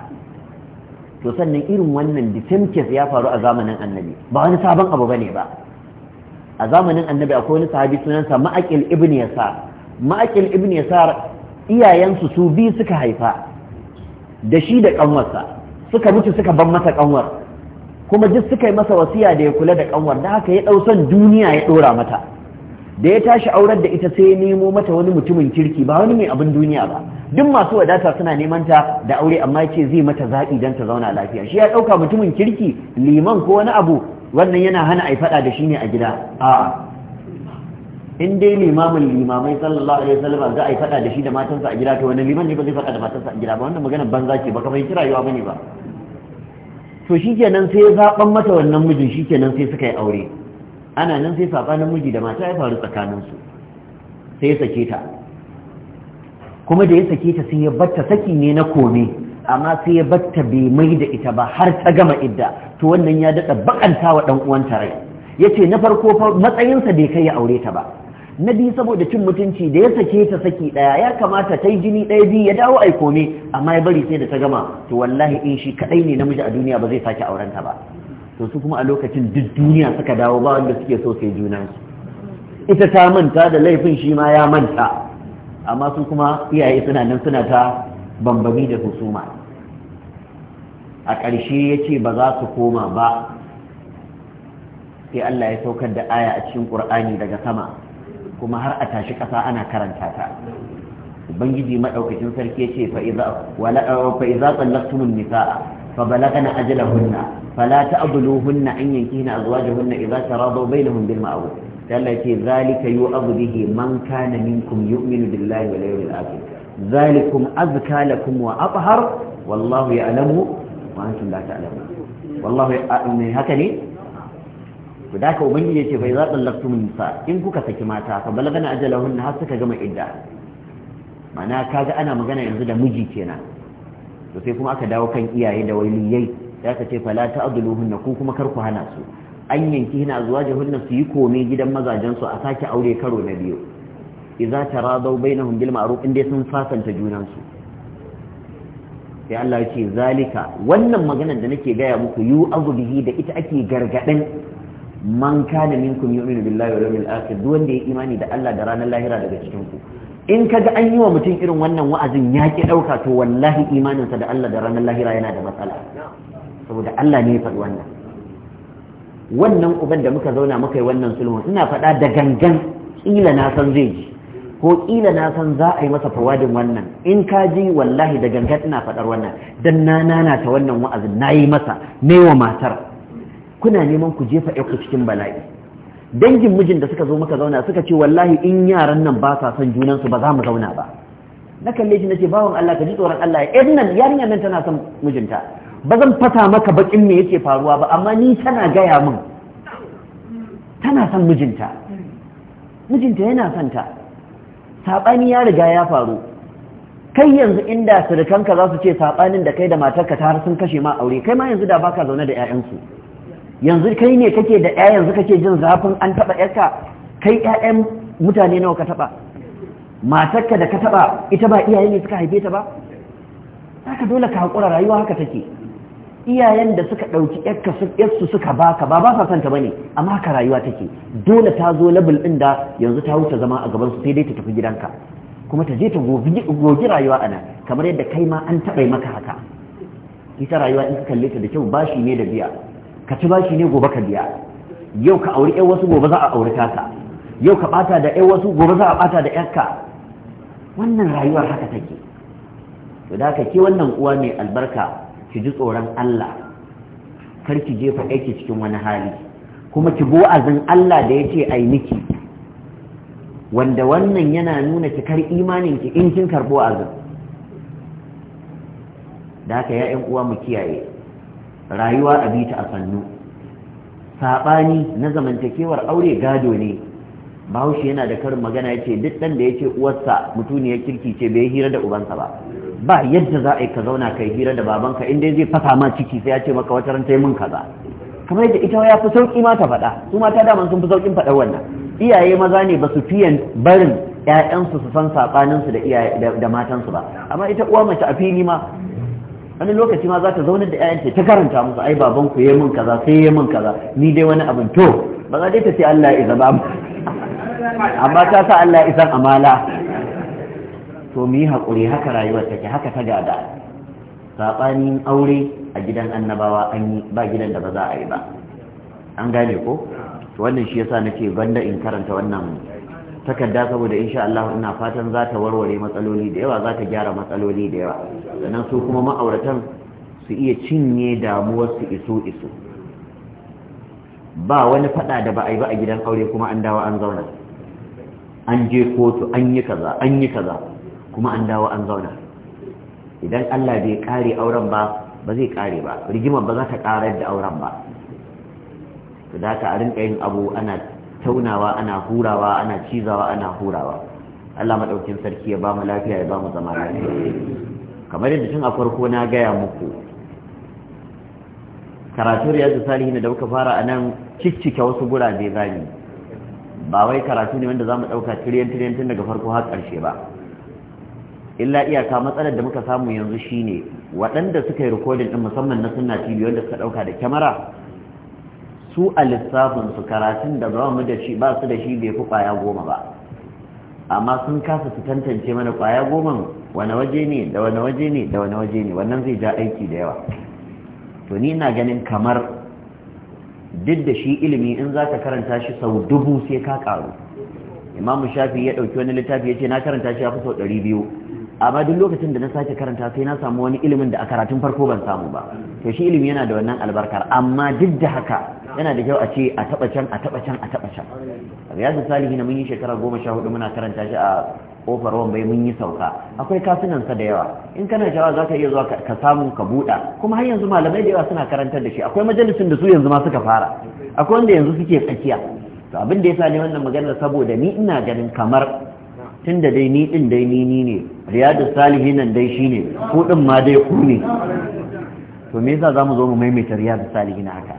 to sannan irin wannan ditemkes ya faru a zamanin annabi ba wani sabon abu bane ba a zamanin annabi akwai wani sahabi sunansa ma'aqil ibn yasar ma'aqil ibn yasar iyayensu su biyu suka haifa da shi da kanwarsa suka mutu suka ban masa kanwar kuma duk suka yi masa wasiya da ya kula da ƙanwar, da haka ya dau son duniya ya ɗora mata da ya tashi aurar da ita sai ya nemo mata wani mutumin kirki ba wani mai abin duniya ba duk masu wadata suna neman ta da aure amma yace zai mata zaɓi dan ta zauna lafiya shi ya ɗauka mutumin kirki liman ko wani abu wannan yana hana a faɗa da shi ne a gida a'a in dai limamin limamai sallallahu alaihi wasallam za a yi faɗa da shi da matansa a gida to wani liman ne ba zai faɗa da matansa a gida ba wannan magana banza ce ba ka fahimci rayuwa bane ba to shikenan sai ya zaban mata wannan mijin shikenan sai suka yi aure ana nan sai sabanin miji da mata ya faru tsakanin su sai ya sake ta kuma da ya sake ta sai ya batta saki ne na kome amma sai ya batta bai mai da ita ba har ta gama idda to wannan ya daɗa bakanta wa ɗan uwanta rai ya ce na farko matsayinsa bai kai ya aure ta ba na biyu saboda cin mutunci da ya sake ta saki ɗaya ya kamata ta yi jini ɗaya biyu ya dawo ai kome amma ya bari sai da ta gama to wallahi in shi kaɗai ne namiji a duniya ba zai sake auren ta ba to su kuma a lokacin duk duniya suka dawo ba wanda suke so sai junansu ita ta manta da laifin shi ma ya manta amma su kuma iyaye suna nan suna ta bambami da husuma a ƙarshe ya ce ba za su koma ba sai Allah ya saukar da aya a cikin ƙur'ani daga sama kuma har a tashi ƙasa ana karanta ta ubangiji maɗaukacin sarki ya ce fa'iza tsallaktumin nisa'a فبلغن أجلهن فلا تأبلوهن أن ينكهن أزواجهن bai da بينهم بالمعروف Allah ce zalika yu'adhu bihi man kana minkum yu'minu billahi wal yawmil akhir zalikum azka lakum wa athhar wallahu ya'lamu wa antum la ta'lamun wallahu ya'lamu ah, haka ne to da ka ubangiji yace fa idza tallaqtum nisa in kuka saki mata fa balagana ajalahunna har suka gama idda mana kaga ana magana yanzu da miji kenan to sai kuma aka dawo kan iyaye da waliyai da ka ce fa fala ta'duluhunna ku kuma kar ku hana su an yanki hina zuwa jahunna su yi kome gidan mazajensu a sake aure karo na biyu iza taradau na bil ma'ruf inda sun fasanta junansu sai Allah ya ce zalika wannan maganar da nake gaya muku yu abu bihi da ita ake gargadin man kana minkum yu'minu billahi wal yawmil akhir duk wanda ya imani da Allah da ranar lahira daga cikin ku in kaga an yi wa mutum irin wannan wa'azin ya ki dauka to wallahi imaninsa da Allah da ranar lahira yana da matsala saboda Allah ne ya faɗi wannan wannan uban da muka zauna muka yi wannan sulhun ina faɗa da gangan ƙila na san zai ji ko ƙila na san za a yi masa fawadin wannan in ka ji wallahi da gangan ina faɗar wannan don na nana ta wannan wa'azin na yi masa ne wa matar kuna neman ku jefa ku cikin bala'i dangin mijin da suka zo muka zauna suka ce wallahi in yaran nan ba sa son junansu ba za mu zauna ba na kalle shi ce, bawan Allah ka ji tsoron Allah eh, yarinyar nan tana son mijinta ba zan fasa maka bakin me yake faruwa ba amma ni tana gaya min tana son mijinta mijinta yana son ta saɓani ya riga ya faru kai yanzu inda surukanka za su ce saɓanin da kai da matarka ta har sun kashe ma aure kai ma yanzu da baka zaune da 'ya'yansu yanzu kai ne kake da ƴaƴa yanzu kake jin zafin an taɓa ƴarka? kai 'ya'yan mutane nawa ka taɓa matarka da ka taɓa ita ba iyaye ne suka haife ta ba haka dole ka haƙura rayuwa haka take iyayen da suka ɗauki yarsu suka baka ba ba sa santa ne, amma ka rayuwa take dole ta zo labul ɗin da yanzu ta wuce zama a gaban sai dai ta tafi gidanka kuma ta je ta gogi rayuwa ana kamar yadda kai ma an taɓa maka haka ita rayuwa in ka kalle ta da kyau bashi ne da biya ka ci bashi ne gobe ka biya yau ka auri ƴan wasu gobe za a auri ka yau ka ɓata da ƴan wasu gobe za a ɓata da ƴarka wannan rayuwar haka take to da haka ke wannan uwa mai albarka ki ji tsoron Allah kar ki jefa aiki cikin wani hali kuma ki bo'azin Allah da yace ai miki wanda wannan yana nuna cikar imanin ki in kin karbo azin da haka ya ƴan uwa mu kiyaye rayuwa a bita a sannu saɓani na zamantakewar aure gado ne bahaushe yana da karin magana yace duk dan da yake uwarsa mutuniyar kirki ce bai hira da ubansa ba ba yadda za a yi ka zauna kai hira da babanka inda zai fasa ma ciki sai ya ce maka wata ran mun kaza kamar yadda ita ya fi sauƙi ma ta faɗa su mata daman sun fi sauƙin faɗar wannan iyaye maza ne ba su fiye barin ƴaƴansu su san saɓaninsu da iyaye da matansu ba amma ita uwa mace a fili ma wani lokaci ma za ta zaunar da ƴaƴanta ta karanta musu ai babanku ku mun kaza sai yi mun kaza ni dai wani abin to ba za dai ta ce Allah ya zaba mu. amma ta sa Allah isan amala to mu yi haƙuri haka rayuwar take haka ta gada saɓanin aure a gidan annabawa an yi ba gidan da ba za a yi ba an gane ko to wannan shi yasa nake banda in karanta wannan takarda saboda insha Allah ina fatan za ta warware matsaloli da yawa za ta gyara matsaloli da yawa sannan su kuma ma'auratan su iya cinye damuwar su iso iso ba wani fada da ba a yi ba a gidan aure kuma an dawo an zauna an je kotu an yi kaza an yi kaza kuma an dawo an zauna idan Allah bai kare auren ba ba zai kare ba rigimar ba za ta karar da auren ba to da ka rinka yin abu ana taunawa ana hurawa ana cizawa ana hurawa Allah maɗaukin sarki ya ba mu lafiya ya ba mu zama lafiya kamar yadda tun a farko na gaya muku karatu riyadu salihin da muka fara a nan ciccike wasu gurabe zani ba wai karatu ne wanda za mu ɗauka tiriyan tun daga farko har ƙarshe ba illa iyaka matsalar da muka samu yanzu shine waɗanda suka yi rikodin ɗin musamman na sunna tv wanda suka ɗauka da kyamara su a lissafinsu karatun da ba mu da shi ba su da shi bai fi ƙwaya goma ba amma sun kasa su tantance mana ƙwaya goma wani waje ne da wani waje ne da wani waje ne wannan zai ja aiki da yawa to ni ina ganin kamar duk da shi ilimi in za ka karanta shi sau dubu sai ka karu imamu shafi ya ɗauki wani littafi ya ce na karanta shi ya fi sau ɗari biyu amma duk lokacin da na sake karanta sai na samu wani ilimin da a karatun farko ban samu ba to shi ilimi yana da wannan albarkar amma duk da haka yana da kyau a ce a taɓa can a taɓa can a taɓa can Ya zai salihi na mun yi shekara goma sha hudu muna karanta shi a kofar wambai mun yi sauka akwai kasunansa da yawa in kana sha'awa za ka iya zuwa ka samu ka buɗa kuma har yanzu malamai da yawa suna karantar da shi akwai majalisun da su yanzu ma suka fara akwai wanda yanzu suke tsakiya to abin da ya sa ne wannan maganar saboda ni ina ganin kamar tun da dai ni ɗin dai ni ni ne riyadu salihin nan dai shi ne ko ɗin ma dai ku ne to me yasa za mu zo mu maimaita riyadu salihin haka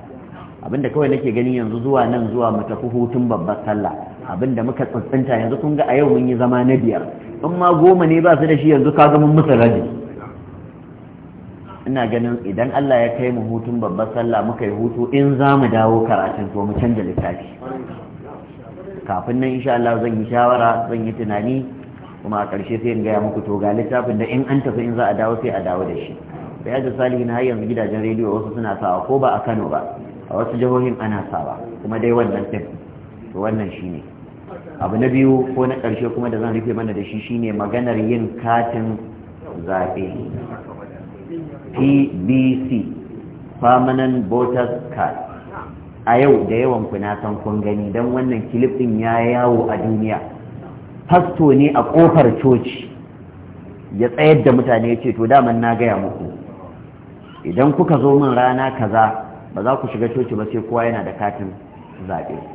abinda kawai nake ganin yanzu zuwa nan zuwa mu tafi babbar sallah abin da muka tsantsanta yanzu kun ga a yau mun yi zama na biyar in ma goma ne ba su da shi yanzu ka zama musu rabi ina ganin idan Allah ya kai mu hutun babbar sallah muka yi hutu in za mu dawo karatun to mu canja littafi kafin nan insha Allah zan yi shawara zan yi tunani kuma a ƙarshe sai in gaya muku to ga littafin da in an tafi in za a dawo sai a dawo da shi bai da salihin har yanzu gidajen rediyo wasu suna sawa ko ba a Kano ba a wasu jihohin ana sawa kuma dai wannan tafi to wannan shine abu na biyu ko na ƙarshe kuma da zan rufe mana da shi shine maganar yin katin zaɓe pbc permanent voters card a yau da yawan ku na san kun gani don wannan kilif ɗin ya yawo a duniya fasto ne a ƙofar coci ya tsayar da mutane ya ce to daman na gaya muku idan kuka zo min rana kaza ba za ku shiga coci ba sai kowa yana da katin zaɓe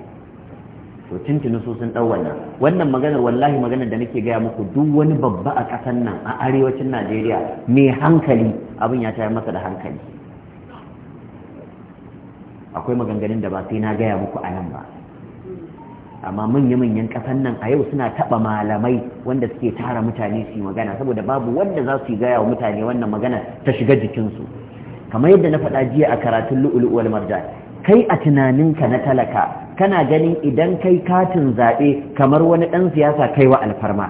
to tintini su sun dau wannan wannan maganar wallahi maganar da nake gaya muku duk wani babba a kasan nan a arewacin najeriya me hankali abin ya tayar masa da hankali akwai maganganun da ba sai na gaya muku a nan ba amma manya-manyan kasan nan a yau suna taɓa malamai wanda suke tara mutane su yi magana saboda babu wanda za su yi gaya wa mutane wannan magana ta shiga jikinsu kamar yadda na faɗa jiya a karatun lu'ulu'ul marjan kai a tunaninka na talaka kana ganin idan kai katin zaɓe kamar wani ɗan siyasa kai wa alfarma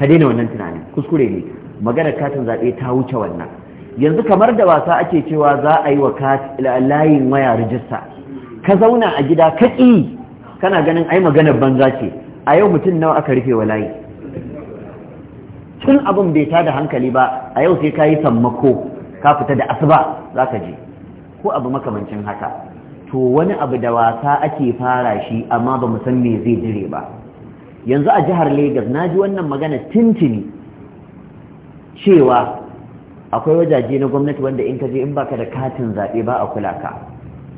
ka daina wannan tunanin kuskure ne maganar katin zaɓe ta wuce wannan yanzu kamar da wasa ake cewa za a yi wa layin waya rijista ka zauna a gida ka ƙi kana ganin ai maganar banza ce a yau mutum nawa aka rufe wa layi tun abin bai ta da hankali ba a yau sai ka yi sammako ka fita da asuba za ka je ko abu makamancin haka to wani abu da wasa ake fara shi amma ba san me zai dire ba yanzu a jihar Legas na ji wannan magana tintini cewa akwai wajaje na gwamnati wanda in ka je in baka da katin zaɓe ba a kula ka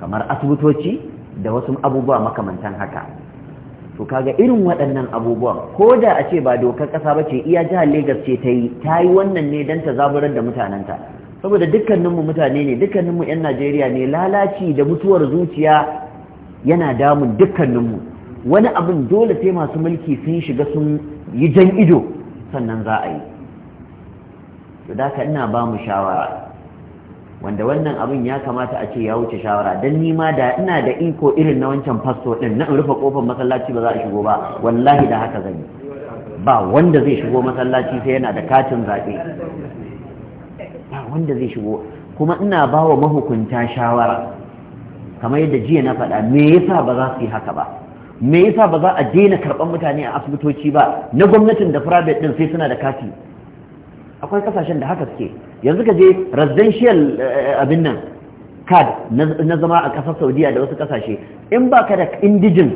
kamar asibitoci da wasu abubuwa makamantan haka to kaga irin waɗannan abubuwan ko da a ce ba dokar ƙasa ba ce iya jihar Legas ce ta yi ta yi wannan ne don ta zaburar da mutanenta saboda dukkaninmu mutane ne dukkaninmu 'yan najeriya ne lalaci da mutuwar zuciya yana damun dukkaninmu wani abin dole sai masu mulki sun shiga sun yi jan ido sannan za a yi to da ka ina ba mu shawara wanda wannan abin ya kamata a ce ya wuce shawara don ma da ina da iko irin na wancan fasto din na rufe kofar masallaci ba za a shigo ba wallahi da haka zan yi ba wanda zai shigo masallaci sai yana da katin zaɓe wanda zai shigo kuma ina ba wa mahukunta shawara kamar yadda jiya na faɗa me yasa ba za su yi haka ba me yasa ba za a daina karɓar mutane a asibitoci ba na gwamnatin da private din sai suna da kati akwai kasashen da haka suke yanzu ka je residential eh, abin nan card na zama a ƙasar saudiya da wasu ƙasashe in ba ka da indijin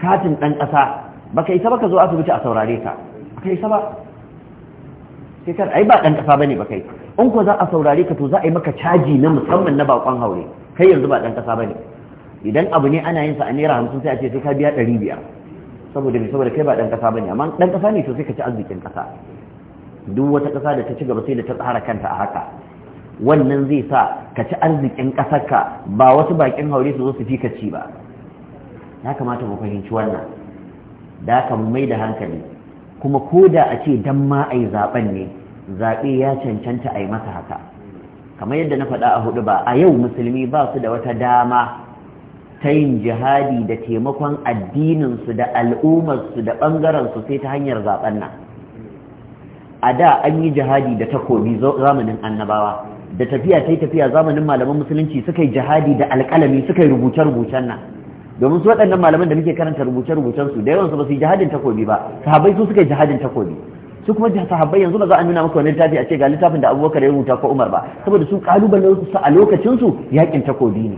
katin ɗan ƙasa ba ka isa ba ka zo asibiti a saurare ka ba ka isa ba sai kar ai ba ɗan ƙasa ba ne ba kai in ko za a saurare ka to za a yi maka caji na musamman na bakon haure kai yanzu ba dan kasa bane idan abu ne ana yin sa a naira hamsin sai a ce sai ka biya ɗari biya. saboda mai saboda kai ba dan kasa bane amma dan kasa ne to sai ka ci arzikin kasa duk wata kasa da ta ci gaba sai da ta tsara kanta a haka wannan zai sa ka ci arzikin ka ba wasu bakin haure su zo su fi ka ci ba ya kamata mu fahimci wannan da ka mai da hankali kuma ko da a ce dan ma ai zaben ne zaɓe ya cancanta a yi masa haka kamar yadda na faɗa a hudu ba a yau musulmi ba su da wata dama ta yin jihadi da taimakon addininsu da al'ummarsu da ɓangarensu sai ta hanyar zaɓen nan a da an yi jihadi da takobi zamanin annabawa da tafiya ta tafiya zamanin malaman musulunci suka yi jihadi da alƙalami suka yi rubuce-rubucen nan domin su waɗannan malaman da muke karanta rubuce-rubucensu da yawansu ba su yi jihadin takobi ba sahabai su suka yi jihadin takobi su kuma da sahabbai yanzu ba za a nuna maka wani littafi a ce ga littafin da abubakar ya rubuta ko umar ba saboda su kalubalen su a lokacin su yakin takobi ne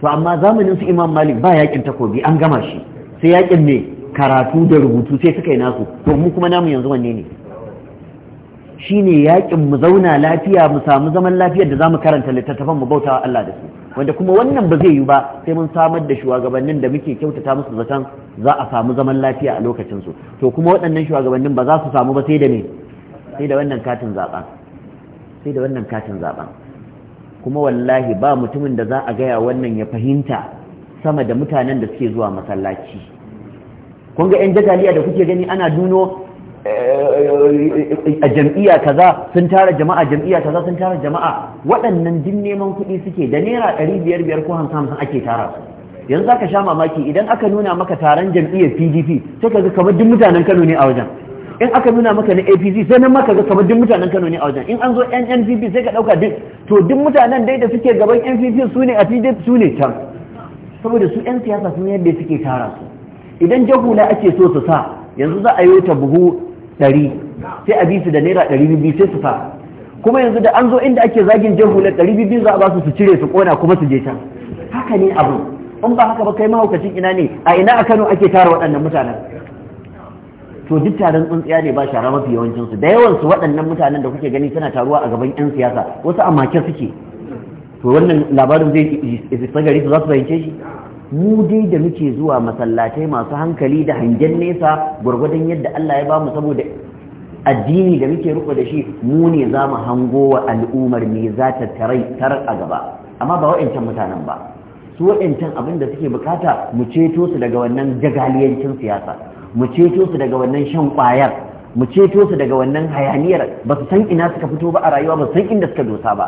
to amma zamanin su imam malik ba yakin takobi an gama shi sai yakin ne karatu da rubutu sai suka yi nasu to mu kuma namu yanzu wanne ne shine yakin mu zauna lafiya mu samu zaman lafiyar da zamu karanta littattafan mu bautawa Allah da su wanda kuma wannan ba zai yi ba sai mun samar da shugabannin da muke kyautata musu zaton za a samu zaman lafiya a lokacinsu to kuma waɗannan shugabannin ba za su samu ba sai da ne sai da wannan katin zaɓen sai da wannan katin zaɓen kuma wallahi ba mutumin da za a gaya wannan ya fahimta sama da mutanen da suke zuwa masallaci kun ga 'yan jakaliya da kuke gani ana duno eh, a jam'iyya kaza sun tara jama'a jam'iyya kaza sun tara jama'a waɗannan din neman kuɗi suke da naira ɗari biyar biyar ko hamsin ake tara su yanzu za ka sha mamaki idan aka nuna maka taron jam'iyyar pdp sai ka ga kamar duk mutanen kano ne a wajen in aka nuna maka na apc sai nan maka ga kamar duk mutanen kano ne a wajen in an zo nnpp sai ka ɗauka duk to duk mutanen dai da suke gaban npp su ne a pdp su ne can saboda su 'yan siyasa sun yadda suke tara su idan jahula ake so su sa yanzu za a yi ta buhu ɗari sai a bi su da naira ɗari biyu sai su sa kuma yanzu da an zo inda ake zagin jahula ɗari biyu za a ba su su cire su ƙona kuma su je can haka ne abu in ba haka ba kai mahaukacin ina ne a ina a Kano ake tara waɗannan mutanen to duk taron tsuntsiya ne ba shara mafi yawancin su da yawansu waɗannan mutanen da kuke gani suna taruwa a gaban yan siyasa wasu a make suke to wannan labarin zai isa gari su za su fahimce shi mu dai da muke zuwa masallatai masu hankali da hangen nesa gwargwadon yadda Allah ya bamu saboda addini da muke riko da shi mu ne za mu hango wa al'umar ne za ta tarar a gaba amma ba wa'ancan mutanen ba su waɗancan abin da suke bukata mu ceto su daga wannan jagaliyancin siyasa mu ceto su daga wannan shan ƙwayar mu ceto su daga wannan hayaniyar ba su san ina suka fito ba a rayuwa ba su san inda suka dosa ba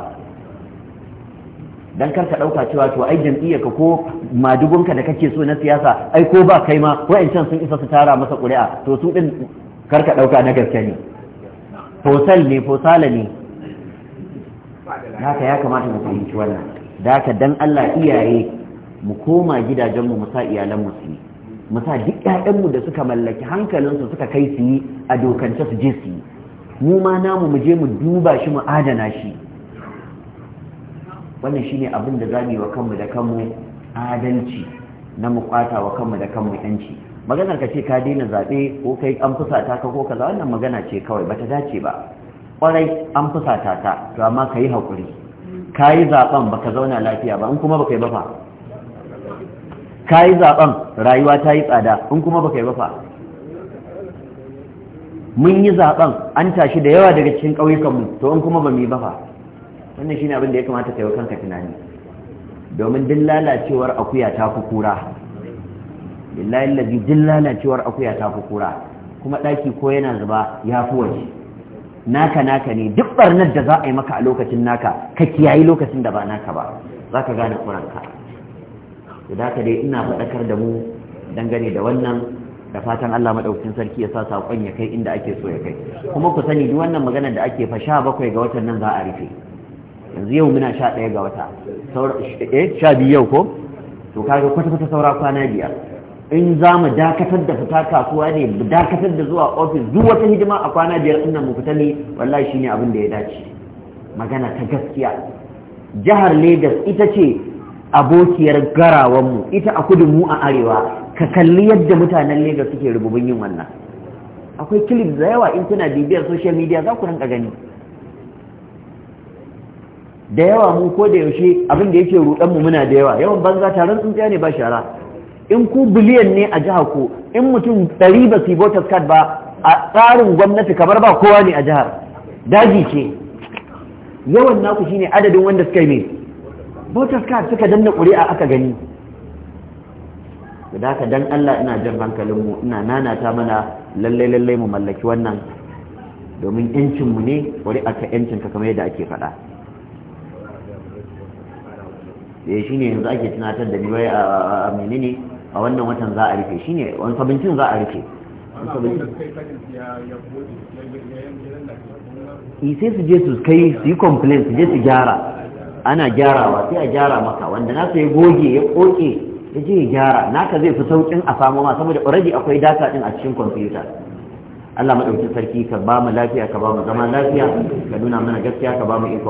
dan kar ka ɗauka cewa to ai jam'iyyarka ko madugunka da kake so na siyasa ai ko ba kai ma wayancan sun isa su tara masa ƙuri'a to su ɗin kar ka ɗauka na gaske ne fosal ne fosala ne haka ya kamata mu fahimci wannan da haka dan Allah iyaye mu koma gidajenmu mu sa mu su yi mu sa duk ƴaƴanmu da suka mallaki hankalin su suka kai su yi a dokance su je su yi mu ma namu mu je mu duba shi mu adana shi wannan shine abin da zamu yi wa kanmu da kanmu adalci na mu kwata wa kanmu da kanmu yanci maganar ka ce ka daina zaɓe ko kai an fusata ka ko kaza wannan magana ce kawai bata dace ba kwarai an fusata ta to amma ka yi haƙuri ka yi zaɓen baka zauna lafiya ba in kuma baka yi ba fa ka yi zaben rayuwa ta yi tsada in kuma baka yi bafa mun yi zaben an tashi da yawa daga cikin ƙauyukanmu to in kuma ba mu yi bafa wannan shine abin da ya kamata yi wa kanka tunani domin din lalacewar akuya ta fi kura billahi allazi din lalacewar akuya ta fi kura kuma ɗaki ko yana zuba ya fi waje naka naka ne duk barnar da za a yi maka a lokacin naka ka kiyayi lokacin da ba naka ba za ka gane kuranka to da dai ina faɗakar da mu dangane da wannan da fatan Allah maɗaukin sarki ya sa sakon ya kai inda ake so ya kai kuma ku sani duk wannan magana da ake fa 17 ga watan nan za a rufe yanzu yau muna 11 ga wata eh 12 yau ko to kaga kwata kwata saura kwana biyar in za mu dakatar da fita kasuwa ne mu dakatar da zuwa ofis duk wata hidima a kwana biyar din nan mu fita ne wallahi shine abin da ya dace magana ta gaskiya jihar Lagos ita ce abokiyar garawanmu ita a kudu mu a arewa ka kalli yadda mutanen Legas suke rububin yin wannan akwai clip da yawa in kuna bibiyar social media za ku rinka gani da yawa mu ko da yaushe abin da yake rudan mu muna da yawa yawan banza taron tsuntsiya ne ba shara in ku biliyan ne a jihar ku in mutum ɗari ba su voters card ba a tsarin gwamnati kamar ba kowa ne a jihar daji ce yawan naku shine adadin wanda suka yi voters card suka danna ƙuri'a aka gani da haka dan Allah ina jan hankalinmu ina nanata mana lallai lallai mu mallaki wannan domin yancinmu ne ƙuri'a ka yancinka kamar yadda ake faɗa da eh, shi ne yanzu ake tunatar da niwai a menene a wannan watan za a rufe shi ne wani sabincin za a rufe isai eh, su je su kai su yi complain su je su gyara ana gyarawa sai a gyara maka wanda na ya goge ya koke ya je ya gyara naka zai fi sauƙin a samu ma saboda already akwai data ɗin a cikin kwamfuta Allah ɗauki sarki ka ba mu lafiya ka ba mu zaman lafiya ka nuna mana gaskiya ka ba mu